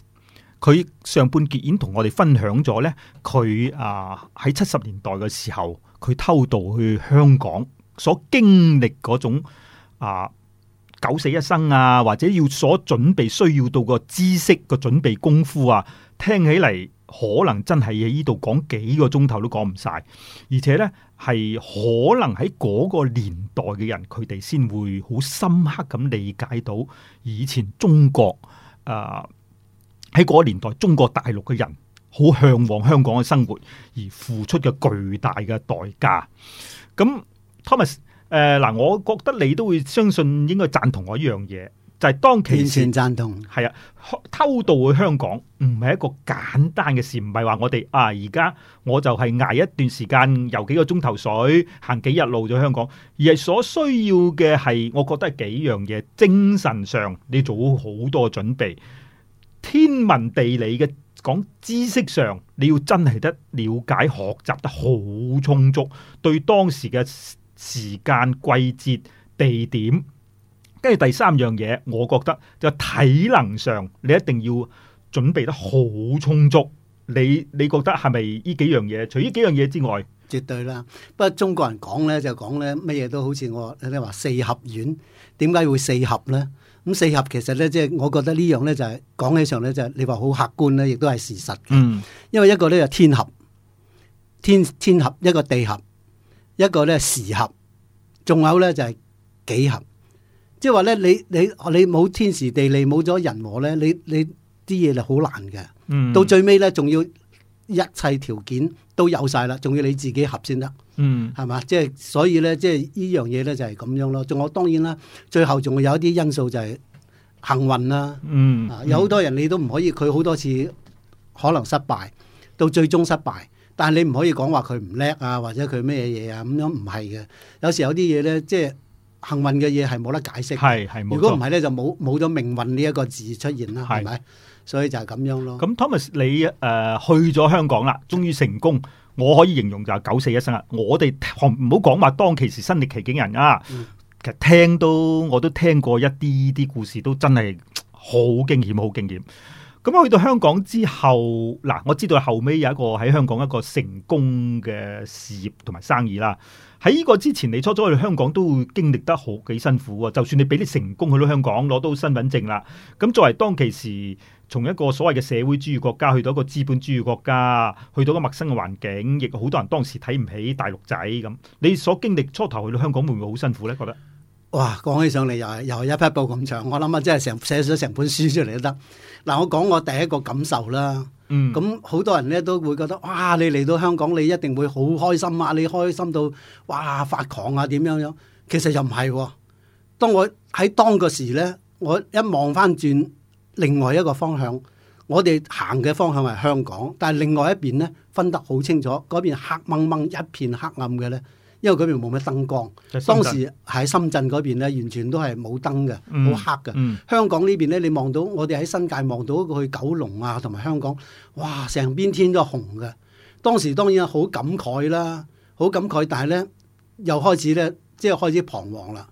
佢上半截已經同我哋分享咗呢。佢啊，喺七十年代嘅時候，佢偷渡去香港所經歷嗰種啊，九死一生啊，或者要所準備需要到個知識個準備功夫啊，聽起嚟，可能真係喺呢度講幾個鐘頭都講唔晒，而且呢係可能喺嗰個年代嘅人，佢哋先會好深刻咁理解到以前中國誒喺嗰個年代中國大陸嘅人好向往香港嘅生活而付出嘅巨大嘅代價。咁 Thomas 誒、呃、嗱，我覺得你都會相信應該贊同我一樣嘢。就係當其完全贊同，係啊，偷渡去香港唔係一個簡單嘅事，唔係話我哋啊而家我就係挨一段時間游幾個鐘頭水，行幾日路咗香港，而係所需要嘅係，我覺得係幾樣嘢，精神上你做好多準備，天文地理嘅講知識上，你要真係得了解、學習得好充足，對當時嘅時間、季節、地點。跟住第三樣嘢，我覺得就體能上，你一定要準備得好充足。你你覺得係咪呢幾樣嘢？除呢幾樣嘢之外，絕對啦。不過中國人講咧就講咧，乜嘢都好似我你話四合院，點解會四合咧？咁四合其實咧，即係我覺得呢樣咧就係講起上咧就係你話好客觀咧，亦都係事實。嗯，因為一個咧就天合，天天合一個地合，一個咧時合，仲有咧就係幾合。即係話咧，你你你冇天時地利冇咗人和咧，你你啲嘢就好難嘅。嗯、到最尾咧，仲要一切條件都有晒啦，仲要你自己合先得。嗯，係嘛？即係所以咧，即係呢樣嘢咧就係咁樣咯。仲有當然啦，最後仲會有一啲因素就係幸運啦、啊。嗯、啊，有好多人你都唔可以，佢好多次可能失敗，到最終失敗，但係你唔可以講話佢唔叻啊，或者佢咩嘢啊咁樣，唔係嘅。有時有啲嘢咧，即係。即幸運嘅嘢係冇得解釋嘅，係係冇錯。如果唔係咧，就冇冇咗命運呢一個字出現啦，係咪是？所以就係咁樣咯。咁 Thomas，你誒、呃、去咗香港啦，終於成功。我可以形容就係九死一生啊！我哋唔好講話當其時身歷其境人啊，嗯、其實聽都我都聽過一啲啲故事，都真係好驚險，好驚險。咁去到香港之後，嗱、呃，我知道後尾有一個喺香港一個成功嘅事業同埋生意啦。喺呢個之前，你初初去香港都會經歷得好幾辛苦喎、啊。就算你俾啲成功去到香港，攞到身份證啦，咁作為當其時從一個所謂嘅社會主義國家去到一個資本主義國家，去到一個陌生嘅環境，亦好多人當時睇唔起大陸仔咁。你所經歷初頭去到香港會唔會好辛苦呢？覺得哇，講起上嚟又係又係一匹布咁長，我諗啊真係成寫咗成本書出嚟都得。嗱，我講我第一個感受啦。嗯，咁好多人呢都會覺得，哇！你嚟到香港，你一定會好開心啊！你開心到哇發狂啊點樣樣，其實又唔係喎。當我喺當個時呢，我一望翻轉另外一個方向，我哋行嘅方向係香港，但係另外一邊呢，分得好清楚，嗰邊黑掹掹一片黑暗嘅呢。因為嗰邊冇乜燈光，當時喺深圳嗰邊咧，完全都係冇燈嘅，好、嗯、黑嘅。嗯、香港邊呢邊咧，你望到我哋喺新界望到去九龍啊，同埋香港，哇！成邊天都紅嘅。當時當然好感慨啦，好感慨，但係咧又開始咧，即係開始彷徨啦。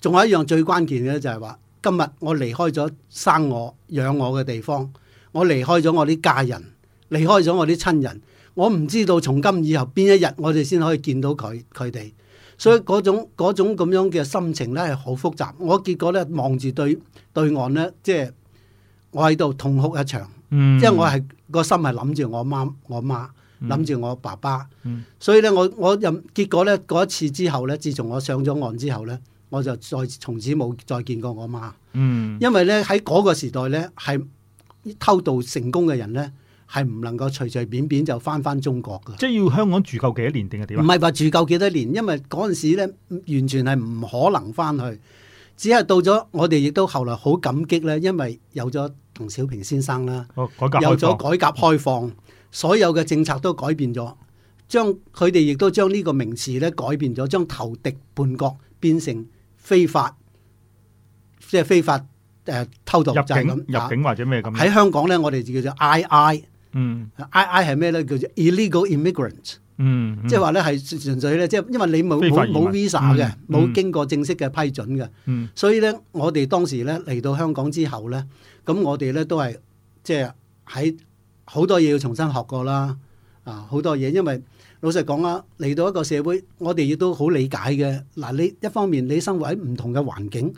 仲有一樣最關鍵咧，就係話今日我離開咗生我養我嘅地方，我離開咗我啲家人，離開咗我啲親人。我唔知道從今以後邊一日我哋先可以見到佢，佢哋，所以嗰種、嗯、嗰種咁樣嘅心情咧係好複雜。我結果咧望住對對岸咧，即係我喺度痛哭一場，因為、嗯、我係個心係諗住我媽，我媽諗住我爸爸，嗯嗯、所以咧我我任結果咧嗰一次之後咧，自從我上咗岸之後咧，我就再從此冇再見過我媽。嗯、因為咧喺嗰個時代咧係偷渡成功嘅人咧。係唔能夠隨隨便便，便就翻返中國㗎？即係要香港住夠幾多年定係點？唔係話住夠幾多年，因為嗰陣時咧完全係唔可能翻去。只係到咗我哋亦都後來好感激呢，因為有咗鄧小平先生啦，有咗、哦、改革開放，所有嘅政策都改變咗，將佢哋亦都將呢個名詞咧改變咗，將投敵叛國變成非法，即係非法誒、呃、偷渡入境入境或者咩咁。喺香港呢，我哋就叫做 I I。嗯，I I 係咩咧？叫做 illegal immigrant，嗯，即係話咧係純粹咧，即係因為你冇冇冇 visa 嘅，冇、嗯嗯、經過正式嘅批准嘅、嗯，嗯，所以咧我哋當時咧嚟到香港之後咧，咁我哋咧都係即係喺好多嘢要重新學過啦，啊，好多嘢，因為老實講啦，嚟到一個社會，我哋亦都好理解嘅。嗱，你一方面你生活喺唔同嘅環境，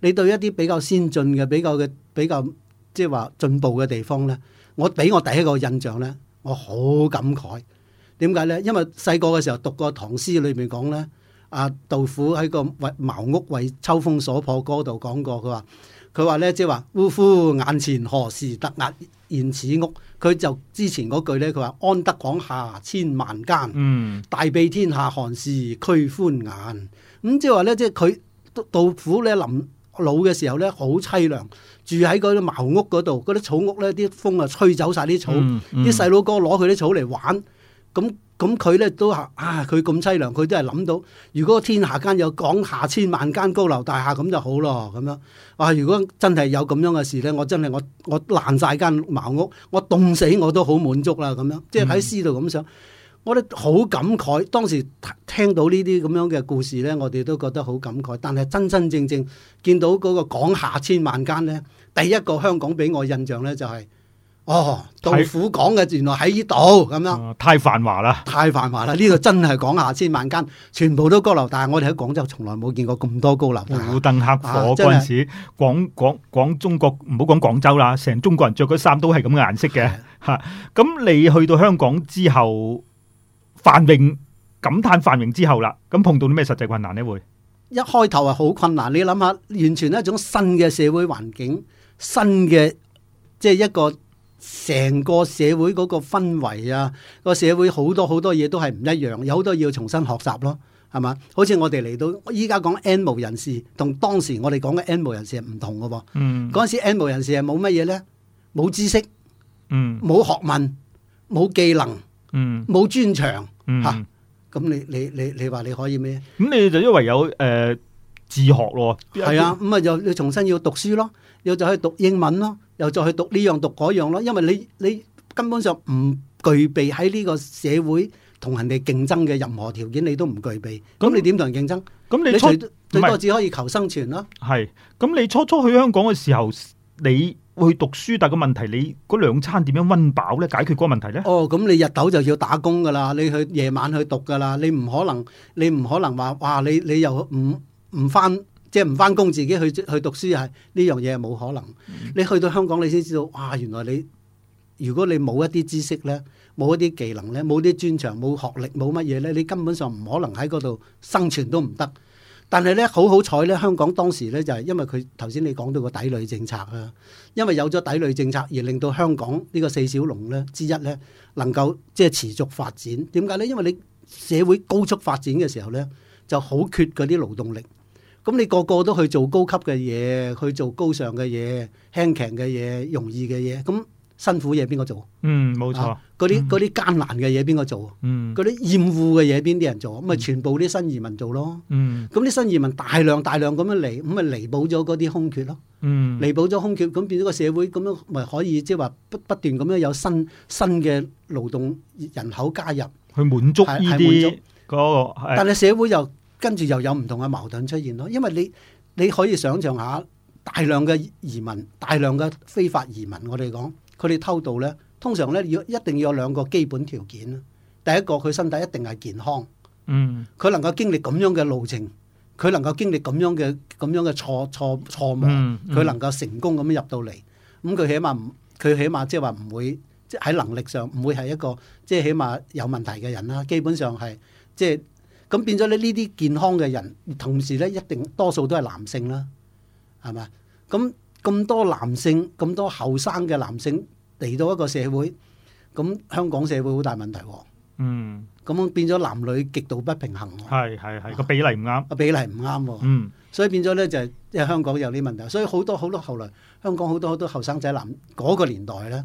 你對一啲比較先進嘅、比較嘅、比較。即係話進步嘅地方呢，我俾我第一個印象呢，我好感慨。點解呢？因為細個嘅時候讀過唐詩裏面講呢，阿、啊、杜甫喺個茅屋為秋風所破歌度講過，佢話佢話呢，即係話，嗚呼眼前何時得壓、啊、現此屋？佢就之前嗰句呢，佢話安得廣廈千萬間，嗯、大庇天下寒士俱歡顏。咁即係話呢，即係佢杜甫呢，臨老嘅時候呢，好凄涼。住喺嗰啲茅屋嗰度，嗰啲草屋，呢啲風啊吹走晒啲草，啲細佬哥攞佢啲草嚟玩，咁咁佢呢都嚇啊！佢咁凄涼，佢都係諗到，如果天下間有廣廈千萬間高樓大廈咁就好咯，咁樣哇、啊！如果真係有咁樣嘅事呢，我真係我我爛晒間茅屋，我凍死我都好滿足啦，咁樣即係喺詩度咁想，我都好、嗯、感慨。當時聽到呢啲咁樣嘅故事呢，我哋都覺得好感慨。但係真真正正見到嗰個廣廈千萬間呢。第一個香港俾我印象呢，就係、是，哦，杜甫講嘅，原來喺呢度咁樣、呃，太繁華啦！太繁華啦！呢、這、度、個、真係廣廈，千萬間，全部都高樓，但係我哋喺廣州從來冇見過咁多高樓。烏燈黑火嗰陣時，廣廣廣中國唔好講廣州啦，成中國人着嘅衫都係咁嘅顏色嘅，吓咁的、啊、你去到香港之後，繁榮感嘆繁榮之後啦，咁碰到啲咩實際困難呢？會一開頭係好困難，你諗下，完全一種新嘅社會環境。新嘅即係一個成個社會嗰個氛圍啊，個社會好多好多嘢都係唔一樣，有好多要重新學習咯，係嘛？好似我哋嚟到依家講移民人士，同當時我哋講嘅移民人士係唔同嘅。嗯，嗰陣時移民人士係冇乜嘢呢，冇知識，冇、嗯、學問，冇技能，冇專、嗯、長，吓咁、嗯啊、你你你你話你可以咩？咁、嗯、你就因為有誒自、呃、學咯，係啊，咁是啊又要重新要讀書咯。又再去讀英文咯，又再去讀呢樣讀嗰樣咯，因為你你根本上唔具備喺呢個社會同人哋競爭嘅任何條件，你都唔具備。咁那你點同人競爭？咁你，你隨是最多只可以求生存咯。係，咁你初初去香港嘅時候，你去讀書，但個問題，你嗰兩餐點樣溫飽呢？解決嗰個問題呢？哦，咁你日頭就要打工噶啦，你去夜晚去讀噶啦，你唔可能，你唔可能話，哇！你你，你又唔唔翻？即係唔翻工自己去去讀書係呢樣嘢，係冇可能。嗯、你去到香港你先知道，哇！原來你如果你冇一啲知識咧，冇一啲技能咧，冇啲專長，冇學歷，冇乜嘢咧，你根本上唔可能喺嗰度生存都唔得。但係咧，好好彩咧，香港當時咧就係、是、因為佢頭先你講到個抵壘政策啊，因為有咗抵壘政策而令到香港呢個四小龍咧之一咧能夠即係持續發展。點解咧？因為你社會高速發展嘅時候咧，就好缺嗰啲勞動力。咁你個個都去做高級嘅嘢，去做高尚嘅嘢，輕強嘅嘢，容易嘅嘢，咁辛苦嘢邊個做？嗯，冇錯。嗰啲啲艱難嘅嘢邊個做？嗯。嗰啲厭惡嘅嘢邊啲人做？咁咪全部啲新移民做咯。嗯。咁啲新移民大量大量咁樣嚟，咁咪彌補咗嗰啲空缺咯。嗯。彌補咗空缺，咁變咗個社會咁樣咪可以即係話不不斷咁樣有新新嘅勞動人口加入，去滿足呢啲嗰個。但係社會又。跟住又有唔同嘅矛盾出現咯，因為你你可以想象下大量嘅移民，大量嘅非法移民，我哋講佢哋偷渡咧，通常咧要一定要有兩個基本條件。第一個佢身體一定係健康，嗯，佢能夠經歷咁樣嘅路程，佢能夠經歷咁樣嘅咁樣嘅錯錯錯誤，佢、嗯嗯、能夠成功咁入到嚟，咁、嗯、佢起碼唔佢起碼即係話唔會即喺、即係、能力上唔會係一個即係、即係、起碼有問題嘅人啦。基本上係即係。即係即係咁變咗咧，呢啲健康嘅人，同時咧一定多數都係男性啦，係咪？咁咁多男性，咁多後生嘅男性嚟到一個社會，咁香港社會好大問題喎。嗯，咁變咗男女極度不平衡。係係係，個、啊、比例唔啱。個比例唔啱。嗯，所以變咗咧就係，因為香港有啲問題，所以好多好多後來香港好多好多後生仔男，嗰、嗰個年代咧。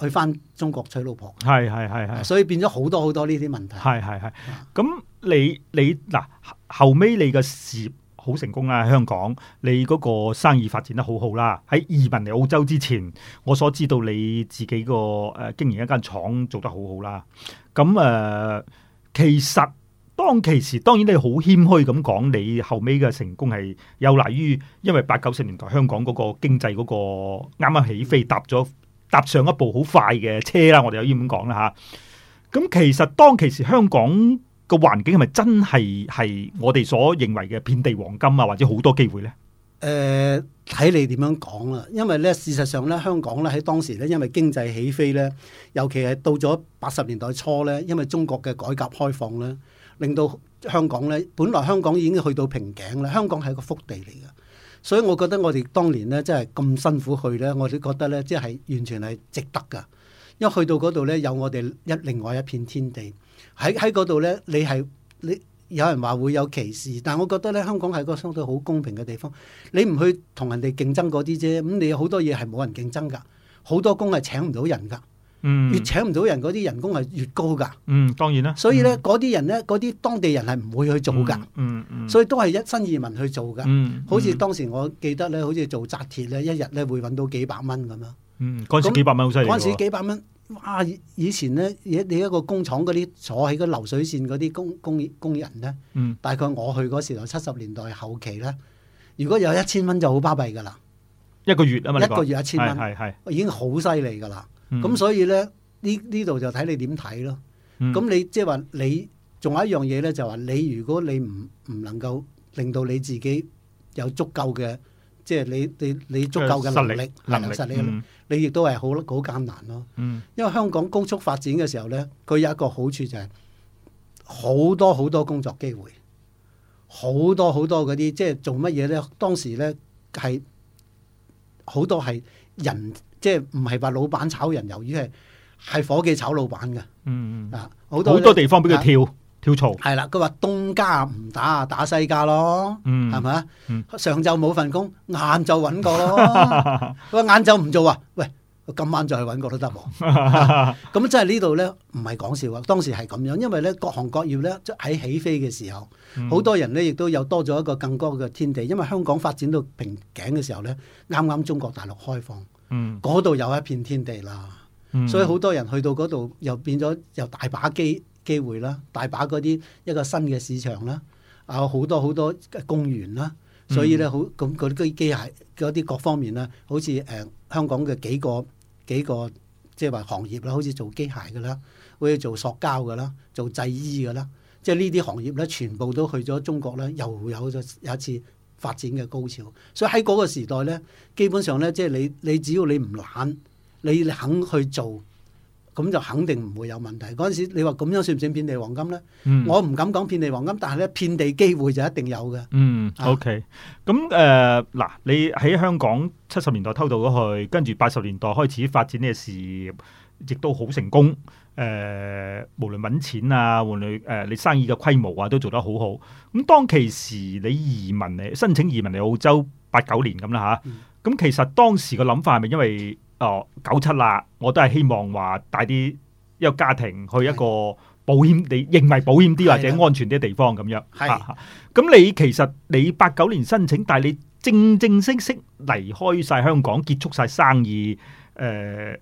去返中國娶老婆，係係係係，所以變咗好多好多呢啲問題。係係係。咁、嗯、你你嗱後尾你嘅事好成功啦，香港你嗰個生意發展得好好啦。喺移民嚟澳洲之前，我所知道你自己個誒、啊、經營一間廠做得好好啦。咁、啊、誒其實當其時，當然你好謙虛咁講，你後尾嘅成功係有賴於，因為八九十年代香港嗰個經濟嗰、嗰個啱啱起飛，搭咗。搭上一部好快嘅車啦，我哋有依咁講啦吓。咁其實當其時香港個環境係咪真係係我哋所認為嘅遍地黃金啊，或者好多機會呢？誒、呃，睇你點樣講啦。因為呢，事實上呢，香港呢喺當時呢，因為經濟起飛呢，尤其係到咗八十年代初呢，因為中國嘅改革開放呢，令到香港呢，本來香港已經去到瓶頸啦。香港係個福地嚟嘅。所以我覺得我哋當年呢，真係咁辛苦去呢。我都覺得呢，即係完全係值得㗎。因為去到嗰度呢，有我哋一另外一片天地。喺喺嗰度呢，你係你有人話會有歧視，但係我覺得呢，香港係個相對好公平嘅地方。你唔去同人哋競爭嗰啲啫，咁你好多嘢係冇人競爭㗎，好多工係請唔到人㗎。嗯、越請唔到人，嗰啲人工係越高噶。嗯，當然啦。所以咧，嗰啲、嗯、人咧，嗰啲當地人係唔會去做噶、嗯。嗯嗯。所以都係一新移民去做噶。嗯、好似當時我記得咧，好似做扎鐵咧，一日咧會揾到幾百蚊咁樣。嗯，嗰時幾百蚊好犀利。嗰時幾百蚊，哇！以前咧，你一個工廠嗰啲坐喺個流水線嗰啲工工工人咧，嗯、大概我去嗰時七十年代後期咧，如果有一千蚊就好巴閉噶啦。一個月啊嘛，說一個月一千蚊，係係，已經好犀利噶啦。咁、嗯、所以咧，呢呢度就睇你點睇咯。咁、嗯、你即係話你仲有一樣嘢咧，就話、是、你如果你唔唔能夠令到你自己有足夠嘅，即、就、係、是、你你你足夠嘅能力，能力、呃，實力，你亦都係好好艱難咯。嗯、因為香港高速發展嘅時候咧，佢有一個好處就係、是、好多好多工作機會，好多好多嗰啲即係做乜嘢咧？當時咧係好多係人。即係唔係話老闆炒人魷魚，係係伙計炒老闆嘅。嗯嗯，啊好多好多地方俾佢跳跳槽，係啦，佢話東家唔打啊，打西家咯，嗯，係咪啊？上晝冇份工，晏晝搵個咯，佢話晏晝唔做啊，喂，今晚再去搵個都得喎。咁即係呢度咧唔係講笑啊，當時係咁樣，因為咧各行各業咧即喺起飛嘅時候，好多人咧亦都有多咗一個更高嘅天地，因為香港發展到瓶頸嘅時候咧，啱啱中國大陸開放。嗰度、嗯、有一片天地啦，嗯、所以好多人去到嗰度又變咗又大把機機會啦，大把嗰啲一個新嘅市場啦，啊好多好多公園啦，所以咧好咁嗰啲機械嗰啲、嗰個嗰個、各方面啦，好似誒香港嘅幾個幾個即係話行業啦，好似做機械嘅啦，或者做塑膠嘅啦，做製衣嘅啦，即係呢啲行業咧，全部都去咗中國咧，又有咗有一次，發展嘅高潮，所以喺嗰個時代呢，基本上呢，即係你你只要你唔懶，你肯去做，咁就肯定唔會有問題。嗰陣時你話咁樣算唔算遍地黃金呢？嗯，我唔敢講遍地黃金，但係呢，遍地機會就一定有嘅。嗯，OK。咁誒嗱，你喺香港七十年代偷渡咗去，跟住八十年代開始發展嘅事業，亦都好成功。誒、呃，無論搵錢啊，無論誒、呃，你生意嘅規模啊，都做得好好。咁當其時你移民嚟，申請移民嚟澳洲八九年咁啦吓。咁、嗯、其實當時個諗法係咪因為哦、呃、九七啦，我都係希望話帶啲一個家庭去一個保險，的你認為保險啲的或者安全啲嘅地方咁樣。係的。咁、啊、你其實你八九年申請，但係你正正式式離開晒香港，結束晒生意，誒、呃。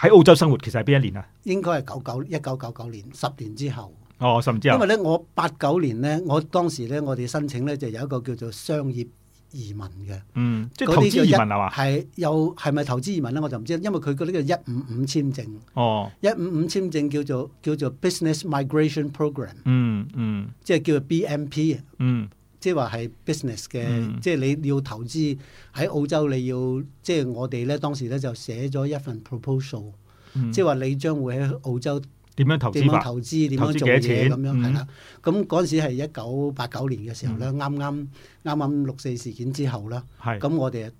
喺澳洲生活其實係邊一年啊？應該係九九一九九九年，十年之後。哦，十年之後。因為咧，我八九年咧，我當時咧，我哋申請咧，就有一個叫做商業移民嘅。嗯，即係投資移民係嘛？係又係咪投資移民咧？我就唔知，因為佢嗰啲叫一五五簽證。哦。一五五簽證叫做叫做 business migration program。嗯嗯。即係叫做 BMP。嗯。即係話係 business 嘅，嗯、即係你要投資喺澳洲，你要即係我哋咧當時咧就寫咗一份 proposal、嗯、即係話你將會喺澳洲點樣，樣投資？點樣投資？點樣做嘢咁樣係啦。咁嗰陣時係一九八九年嘅時候咧，啱啱啱啱六四事件之後啦。係、嗯。咁我哋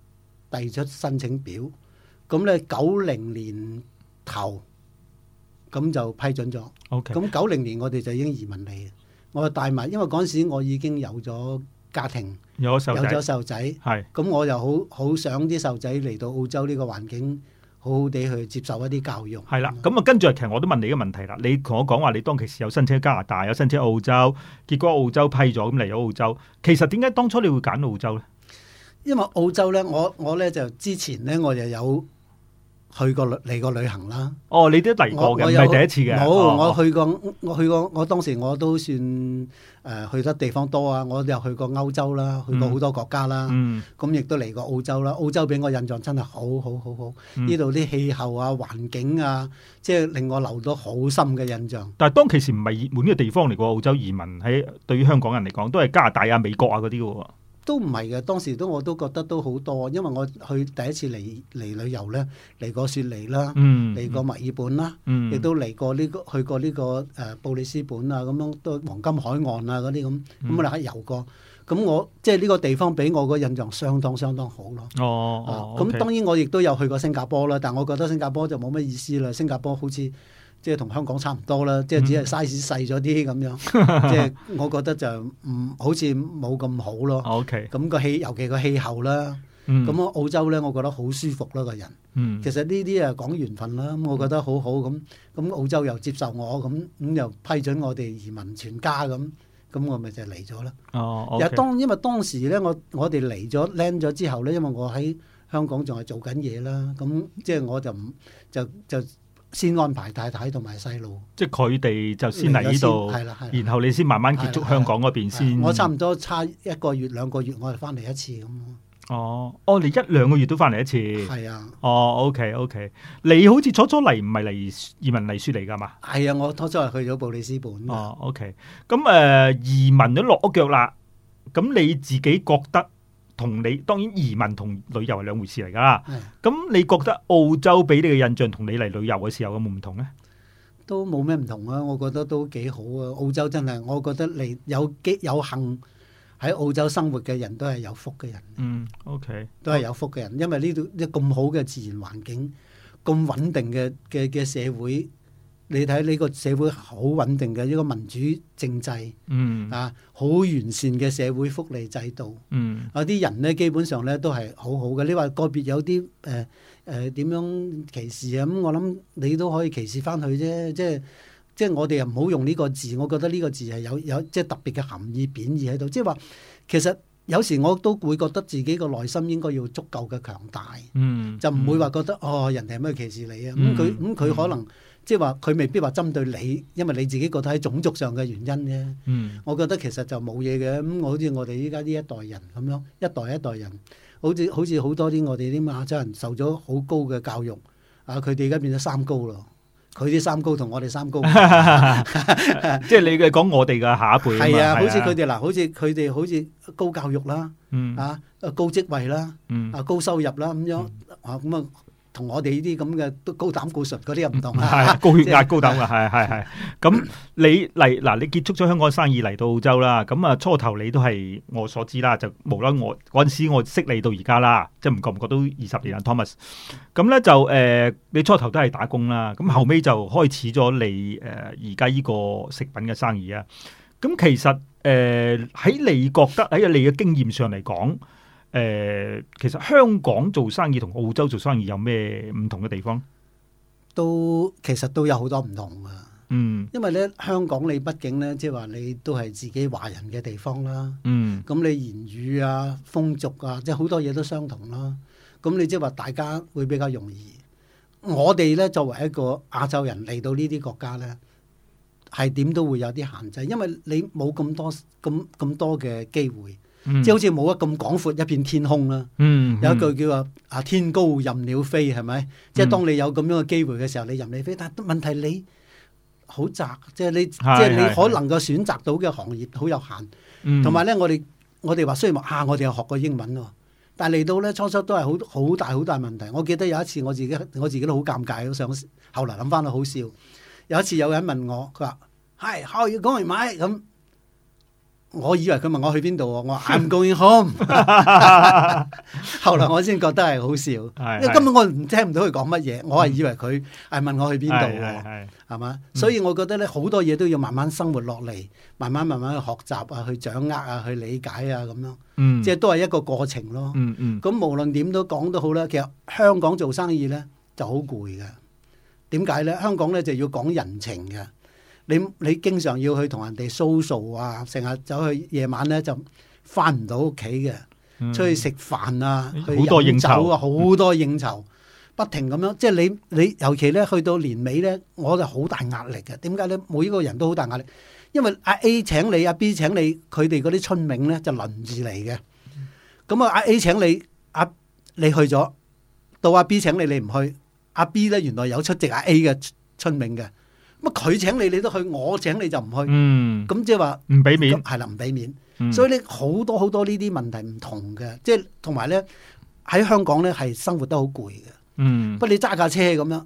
遞出申請表，咁咧九零年頭，咁就批准咗。OK 咁九零年我哋就已經移民嚟。我帶埋，因為嗰時我已經有咗家庭，有咗細路仔，咁是我又好好想啲細路仔嚟到澳洲呢個環境，好好地去接受一啲教育。係啦的，咁啊跟住，其實我都問你個問題啦，你同我講話你當其時有申請加拿大，有申請澳洲，結果澳洲批咗，咁嚟咗澳洲，其實點解當初你會揀澳洲呢？因為澳洲呢，我我呢就之前呢，我就有。去過旅嚟過旅行啦，哦，你都嚟過嘅，又係第一次嘅。好有，哦、我去過，我去過，我當時我都算誒、呃、去得地方多啊，我又去過歐洲啦，去過好多國家啦，咁亦都嚟過澳洲啦。澳洲俾我印象真係好，好好好好，呢度啲氣候啊、環境啊，即係令我留咗好深嘅印象。嗯、但係當其時唔係熱門嘅地方嚟㗎，澳洲移民喺對於香港人嚟講，都係加拿大啊、美國啊嗰啲喎。都唔係嘅，當時都我都覺得都好多，因為我去第一次嚟嚟旅遊咧，嚟過雪梨啦，嚟、嗯、過墨爾本啦，亦、嗯、都嚟過呢、呢個去過呢、呢個誒、呃、布里斯本啊，咁樣都黃金海岸啊嗰啲咁，咁啊遊過，咁我即係呢個地方俾我個印象相當相當好咯。哦，咁、哦 okay. 啊、當然我亦都有去過新加坡啦，但係我覺得新加坡就冇乜意思啦，新加坡好似。即係同香港差唔多啦，即係只係 size 細咗啲咁樣，即係我覺得就唔好似冇咁好咯。OK，咁個氣，尤其個氣候啦。嗯，咁澳洲咧，我覺得好舒服啦，個人。其實呢啲啊講緣分啦，咁我覺得好好咁。咁澳洲又接受我，咁咁又批准我哋移民全家咁，咁我咪就嚟咗啦。哦，又當因為當時咧，我我哋嚟咗 land 咗之後咧，因為我喺香港仲係做緊嘢啦，咁即係我就唔就就。先安排太太同埋細路，即係佢哋就先嚟呢度，然後你先慢慢結束的香港嗰邊先。我差唔多差一個月兩個月，我哋翻嚟一次咁咯、哦。哦，我哋一兩個月都翻嚟一次。係啊的。哦，OK OK，你好似初初嚟唔係嚟移民嚟書嚟㗎嘛？係啊，我初初係去咗布里斯本。哦，OK。咁、呃、誒，移民都落屋腳啦。咁你自己覺得？同你當然移民同旅遊係兩回事嚟㗎，咁的你覺得澳洲俾你嘅印象同你嚟旅遊嘅時候有冇唔同呢？都冇咩唔同啊！我覺得都幾好啊！澳洲真係，我覺得你有機有幸喺澳洲生活嘅人都係有福嘅人。嗯，OK，都係有福嘅人，因為呢度啲咁好嘅自然環境，咁穩定嘅嘅嘅社會。你睇呢個社會好穩定嘅一個民主政制，啊好完善嘅社會福利制度，有啲人咧基本上咧都係好好嘅。你話個別有啲誒誒點樣歧視啊，咁我諗你都可以歧視翻佢啫。即係即係我哋又唔好用呢個字，我覺得呢個字係有有即係特別嘅含義、貶義喺度。即係話其實有時我都會覺得自己個內心應該要足夠嘅強大，就唔會話覺得哦人哋係咩歧視你啊，咁佢咁佢可能。即係話佢未必話針對你，因為你自己覺得喺種族上嘅原因啫。嗯、我覺得其實就冇嘢嘅咁。嗯、好我好似我哋依家呢一代人咁樣，一代一代人，好似好似好多啲我哋啲馬來人受咗好高嘅教育，啊，佢哋而家變咗三高咯。佢啲三高同我哋三高，即係 你嘅講我哋嘅下一輩。係啊，好似佢哋嗱，是啊、好似佢哋好似高教育啦，啊，高職位啦，啊，高收入啦咁、啊樣，嗯、樣，啊咁啊。嗯同我哋呢啲咁嘅都高膽固醇嗰啲又唔同啊，高血壓高膽啊，係係係。咁你嚟嗱，你結束咗香港生意嚟到澳洲啦。咁啊初頭你都係我所知啦，就無論我嗰陣時我識你到而家啦，即係唔覺唔覺都二十年啦，Thomas。咁咧就誒，你初頭都係打工啦。咁後尾就開始咗你誒而家呢個食品嘅生意啊。咁其實誒喺你覺得喺你嘅經驗上嚟講。誒、呃，其實香港做生意同澳洲做生意有咩唔同嘅地方？都其實都有好多唔同㗎。嗯，因為咧香港你畢竟咧，即係話你都係自己華人嘅地方啦。嗯，咁你言語啊、風俗啊，即係好多嘢都相同啦。咁你即係話大家會比較容易。我哋咧作為一個亞洲人嚟到呢啲國家咧，係點都會有啲限制，因為你冇咁多咁咁多嘅機會。嗯、即係好似冇得咁廣闊一片天空啦、啊。嗯嗯、有一句叫做啊，天高任鳥飛，係咪？嗯、即係當你有咁樣嘅機會嘅時候，你任你飛。但係問題你好窄，即係你即係你可能嘅選擇到嘅行業好有限。同埋呢，我哋我哋話雖然話啊，我哋又學過英文喎、啊，但係嚟到呢初初都係好好大好大問題。我記得有一次我自己我自己都好尷尬，都想後來諗翻都好笑。有一次有人問我，佢話「Hi, how are you going, mate?」咁。我以為佢問我去邊度，我話 I'm going home。 後來我先覺得係好笑，因為根本我唔聽唔到佢講乜嘢，係係我係以為佢係問我去邊度，係嘛？所以我覺得咧，好多嘢都要慢慢生活落嚟，慢慢慢慢去學習啊，去掌握啊，去理解啊，咁樣，即係都係一個過程咯。嗯嗯。咁無論點都講都好啦，其實香港做生意咧就好攰嘅，點解咧？香港咧就要講人情嘅。你你經常要去同人哋 social 啊，成日走去夜晚咧就翻唔到屋企嘅，嗯、出去食飯啊，好多應酬，好、啊、多應酬，嗯、不停咁樣。即係你你尤其咧去到年尾咧，我就好大壓力嘅。點解咧？每個人都好大壓力，因為阿 A, A 請你，阿 B 請你，佢哋嗰啲春茗咧就輪住嚟嘅。咁啊、嗯，阿 A 請你，阿、啊、你去咗，到阿 B 請你，你唔去。阿、啊、B 咧原來有出席阿 A 嘅春茗嘅。乜佢請你你都去，我請你就唔去，咁、嗯、即係話唔俾面，係啦，唔俾面，嗯、所以咧好多好多呢啲問題唔同嘅，即係同埋咧喺香港咧係生活得好攰嘅，嗯、不過你揸架車咁樣，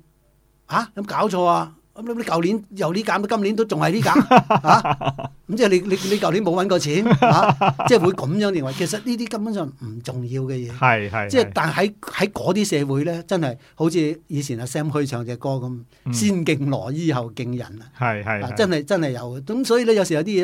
吓，有冇搞錯啊！你舊年由呢減，咁今年都仲係呢減嚇，咁、啊、 即係你你你舊年冇揾過錢嚇，啊、 即係會咁樣認為。其實呢啲根本上唔重要嘅嘢，係係是。即係但係喺喺嗰啲社會咧，真係好似以前阿 Sam 去唱隻歌咁，嗯、先敬羅衣後敬人是是是啊，係係，真係真係有。咁所以咧，有時有啲嘢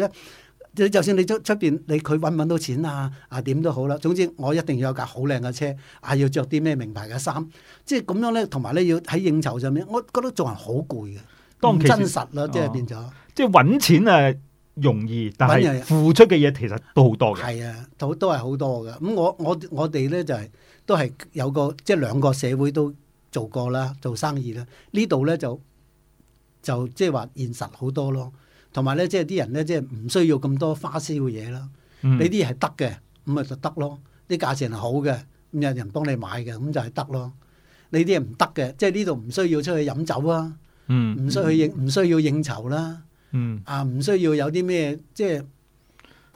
咧，就算你出出邊你佢揾唔揾到錢啊啊點都好啦。總之我一定要有架好靚嘅車，啊要着啲咩名牌嘅衫，即係咁樣咧，同埋咧要喺應酬上面，我覺得做人好攰嘅。唔真實咯，哦、即係變咗。即係揾錢啊，容易，但係付出嘅嘢其實都好多嘅。係啊，都、就是、都係好多嘅。咁我我我哋呢就係都係有個即係、就是、兩個社會都做過啦，做生意啦。呢度呢就，就就即係話現實好多咯。同埋呢，即係啲人呢，即係唔需要咁多花銷嘅嘢啦。呢啲係得嘅，咁咪就得咯。啲價錢係好嘅，咁有人幫你買嘅，咁就係得咯。呢啲係唔得嘅，即係呢度唔需要出去飲酒啊。嗯，唔需要應唔需要應酬啦。嗯，啊，唔需要有啲咩，即係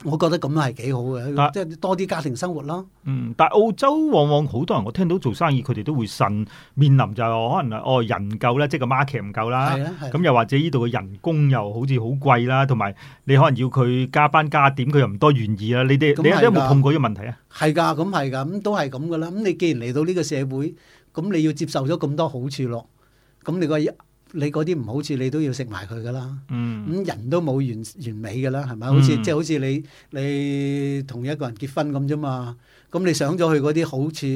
我覺得咁係幾好嘅，即係多啲家庭生活咯。嗯，但係澳洲往往好多人，我聽到做生意佢哋都會信面臨就係可能哦，人唔夠咧，即係個 market 唔夠啦。係啊，咁又或者呢度嘅人工又好似好貴啦，同埋你可能要佢加班加點，佢又唔多願意啦。你哋你哋有冇碰過呢個問題啊？係噶，咁係噶，咁都係咁噶啦。咁你既然嚟到呢個社會，咁你要接受咗咁多好處咯，咁你個。你嗰啲唔好處，你都要食埋佢噶啦。咁、嗯、人都冇完完美噶啦，係咪？好似、嗯、即係好似你你同一個人結婚咁啫嘛。咁你想咗佢嗰啲好處，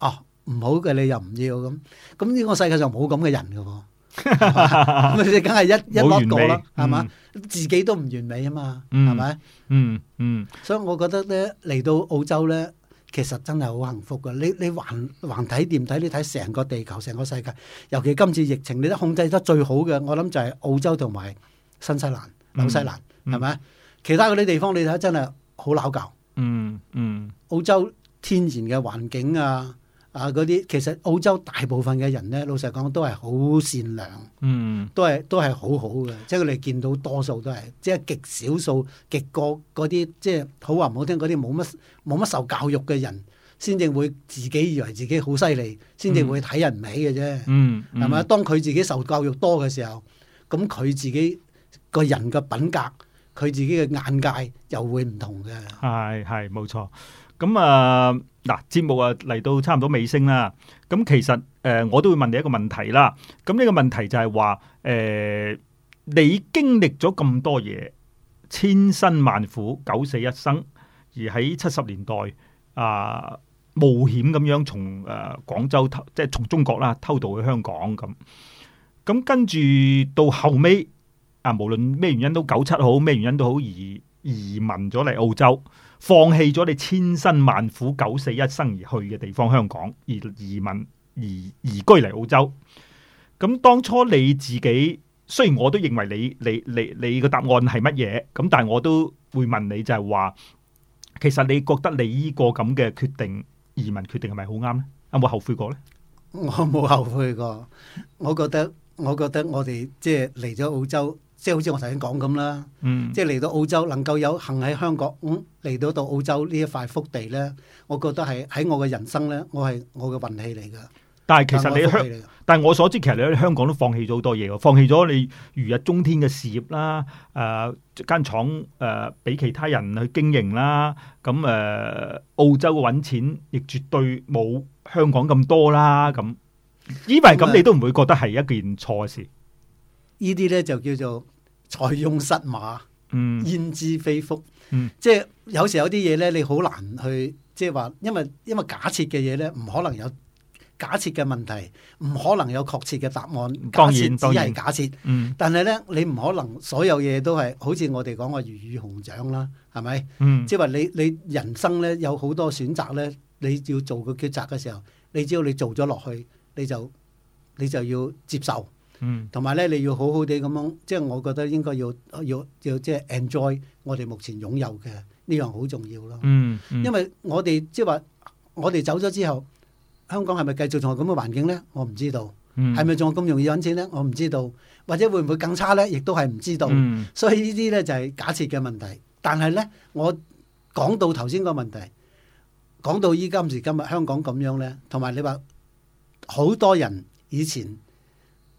哦、啊，唔好嘅你又唔要咁。咁呢個世界上冇咁嘅人噶喎。咁你梗係一一擼過啦，係嘛？嗯、自己都唔完美啊嘛，係咪、嗯？嗯嗯，所以我覺得咧，嚟到澳洲咧。其實真係好幸福㗎，你你橫橫睇掂睇，你睇成個地球、成個世界，尤其今次疫情，你都控制得最好嘅。我諗就係澳洲同埋新西蘭、紐西蘭，係咪？其他嗰啲地方你睇真係好撈攪。嗯嗯，澳洲天然嘅環境啊。啊！嗰啲其實澳洲大部分嘅人呢，老實講都係好善良，嗯，都係都係好好嘅。即係佢哋見到多數都係，即係極少數極個嗰啲，即係好話唔好聽嗰啲冇乜冇乜受教育嘅人，先至會自己以為自己好犀利，先至會睇人唔起嘅啫。嗯，係嘛？當佢自己受教育多嘅時候，咁佢自己個人嘅品格。佢自己嘅眼界又會唔同嘅，係係冇錯。咁啊嗱，節目啊嚟到差唔多尾聲啦。咁其實誒，我都會問你一個問題啦。咁呢個問題就係話誒，你經歷咗咁多嘢，千辛萬苦、九死一生，而喺七十年代啊冒險咁樣從誒廣州偷，即係從中國啦偷渡去香港咁。咁跟住到後尾。啊，無論咩原因都九七好，咩原因都好，移移民咗嚟澳洲，放棄咗你千辛萬苦九死一生而去嘅地方香港，而移，移民移移居嚟澳洲。咁、嗯、當初你自己，雖然我都認為你你你你個答案係乜嘢，咁但係我都會問你就係話，其實你覺得你呢個咁嘅決定移民決定係咪好啱呢？有冇後悔過呢？我冇後悔過，我覺得我覺得，我覺得我哋即係嚟咗澳洲。嗯、即係好似我頭先講咁啦，即係嚟到澳洲能夠有幸喺香港，嚟、嗯、到到澳洲呢一塊福地咧，我覺得係喺我嘅人生咧，我係我嘅運氣嚟㗎。但係其實你香，但係我所知其實你喺香港都放棄咗好多嘢喎，放棄咗你如日中天嘅事業啦，誒、呃、間廠誒俾、呃、其他人去經營啦，咁、呃、誒澳洲嘅揾錢亦絕對冇香港咁多啦，咁因為咁你都唔會覺得係一件錯事。嗯、呢啲咧就叫做。塞翁失馬，嗯、焉知非福。嗯、即係有時有啲嘢咧，你好難去即係話，因為因為假設嘅嘢咧，唔可能有假設嘅問題，唔可能有確切嘅答案。當然當然，假設。嗯、但係咧，你唔可能所有嘢都係，好似我哋講個魚與熊掌啦，係咪？嗯、即係話你你人生咧有好多選擇咧，你要做個抉擇嘅時候，你只要你做咗落去，你就你就，你就要接受。同埋咧，你要好好地咁樣，即係我覺得應該要要要即係 enjoy 我哋目前擁有嘅呢樣好重要咯。嗯嗯、因為我哋即係話我哋走咗之後，香港係咪繼續仲係咁嘅環境咧？我唔知道，係咪仲有咁容易揾錢咧？我唔知道，或者會唔會更差咧？亦都係唔知道。嗯、所以呢啲咧就係假設嘅問題。但係咧，我講到頭先個問題，講到依家今時今日香港咁樣咧，同埋你話好多人以前。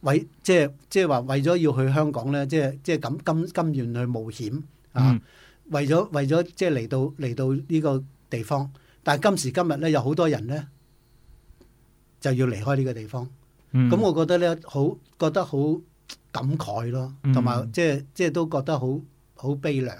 為即係即係話為咗要去香港呢，即係即係咁甘甘願去冒險、嗯、啊！為咗為咗即係嚟到嚟到呢個地方，但係今時今日呢，有好多人呢就要離開呢個地方。咁、嗯、我覺得呢，好覺得好感慨咯，同埋、嗯、即係即係都覺得好好悲涼。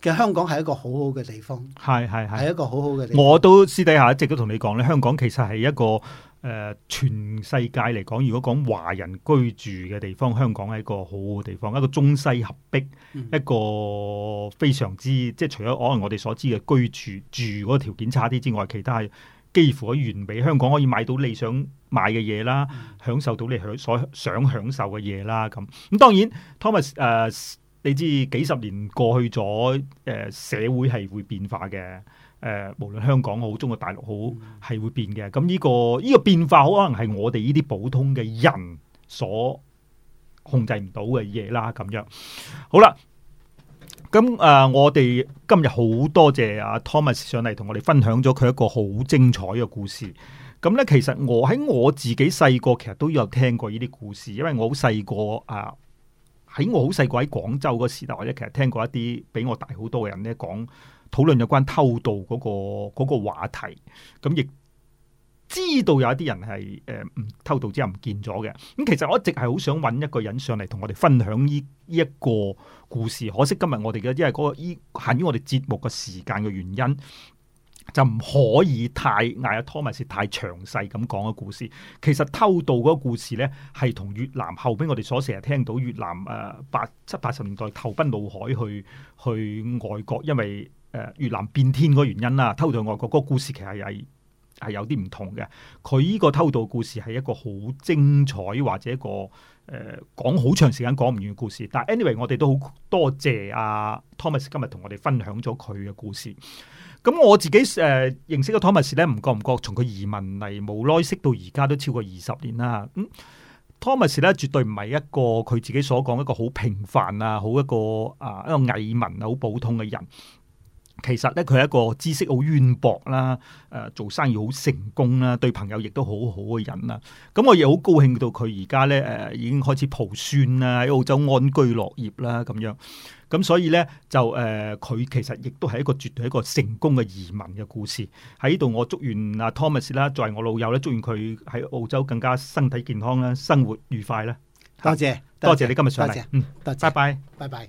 其實香港係一個好好嘅地方，係係係一個好好嘅地方。地方我都私底下一直都同你講咧，香港其實係一個。誒、呃、全世界嚟講，如果講華人居住嘅地方，香港係一個好好地方，一個中西合璧，嗯、一個非常之即係除咗可能我哋所知嘅居住住嗰個條件差啲之外，其他係幾乎可以完美。香港可以買到你想買嘅嘢啦，嗯、享受到你享所想享受嘅嘢啦。咁咁、嗯、當然，Thomas 誒、呃，你知幾十年過去咗，誒、呃、社會係會變化嘅。誒、呃，無論香港好，中國大陸好，係會變嘅。咁、嗯、呢、嗯這個呢、這個變化，可能係我哋呢啲普通嘅人所控制唔到嘅嘢啦。咁樣好啦。咁、嗯、誒、呃，我哋今日好多謝阿 Thomas 上嚟同我哋分享咗佢一個好精彩嘅故事。咁、嗯、咧，其實我喺我自己細個，其實都有聽過呢啲故事，因為我好細個啊，喺、呃、我好細個喺廣州嗰時代咧，我其實聽過一啲比我大好多嘅人咧講。討論有關偷渡嗰個嗰個話題，咁亦知道有一啲人係誒、偷渡之後唔見咗嘅。咁其實我一直係好想揾一個人上嚟同我哋分享呢呢一個故事，可惜今日我哋嘅，因為嗰個依限於我哋節目嘅時間嘅原因，就唔可以太嗌阿 Thomas 太詳細咁講個故事。其實偷渡嗰個故事咧，係同越南後邊我哋所成日聽到越南誒、八七八十年代投奔怒海去去外國，因為誒，越南變天嗰個原因啦，偷渡外國嗰個故事其實係係有啲唔同嘅。佢呢個偷渡故事係一個好精彩或者一個誒講好長時間講唔完嘅故事。但係 anyway，我哋都好多謝阿、啊、Thomas 今日同我哋分享咗佢嘅故事。咁、嗯、我自己誒、呃、認識咗 Thomas 咧，唔覺唔覺從佢移民嚟無耐識到而家都超過二十年啦。咁、嗯、Thomas 咧絕對唔係一個佢自己所講一個好平凡啊，好一個啊一個移民好普通嘅人。其實咧，佢係一個知識好淵博啦，誒、呃，做生意好成功啦，對朋友亦都好好嘅人啦。咁我亦好高興到佢而家咧，誒、呃，已經開始蒲孫啦，喺澳洲安居樂業啦，咁樣。咁所以咧，就誒，佢、呃、其實亦都係一個絕對係一個成功嘅移民嘅故事。喺度，我祝願阿、啊、Thomas 啦，作為我老友咧，祝願佢喺澳洲更加身體健康啦，生活愉快啦。多謝，多謝，多謝你今日上嚟。拜拜，拜拜。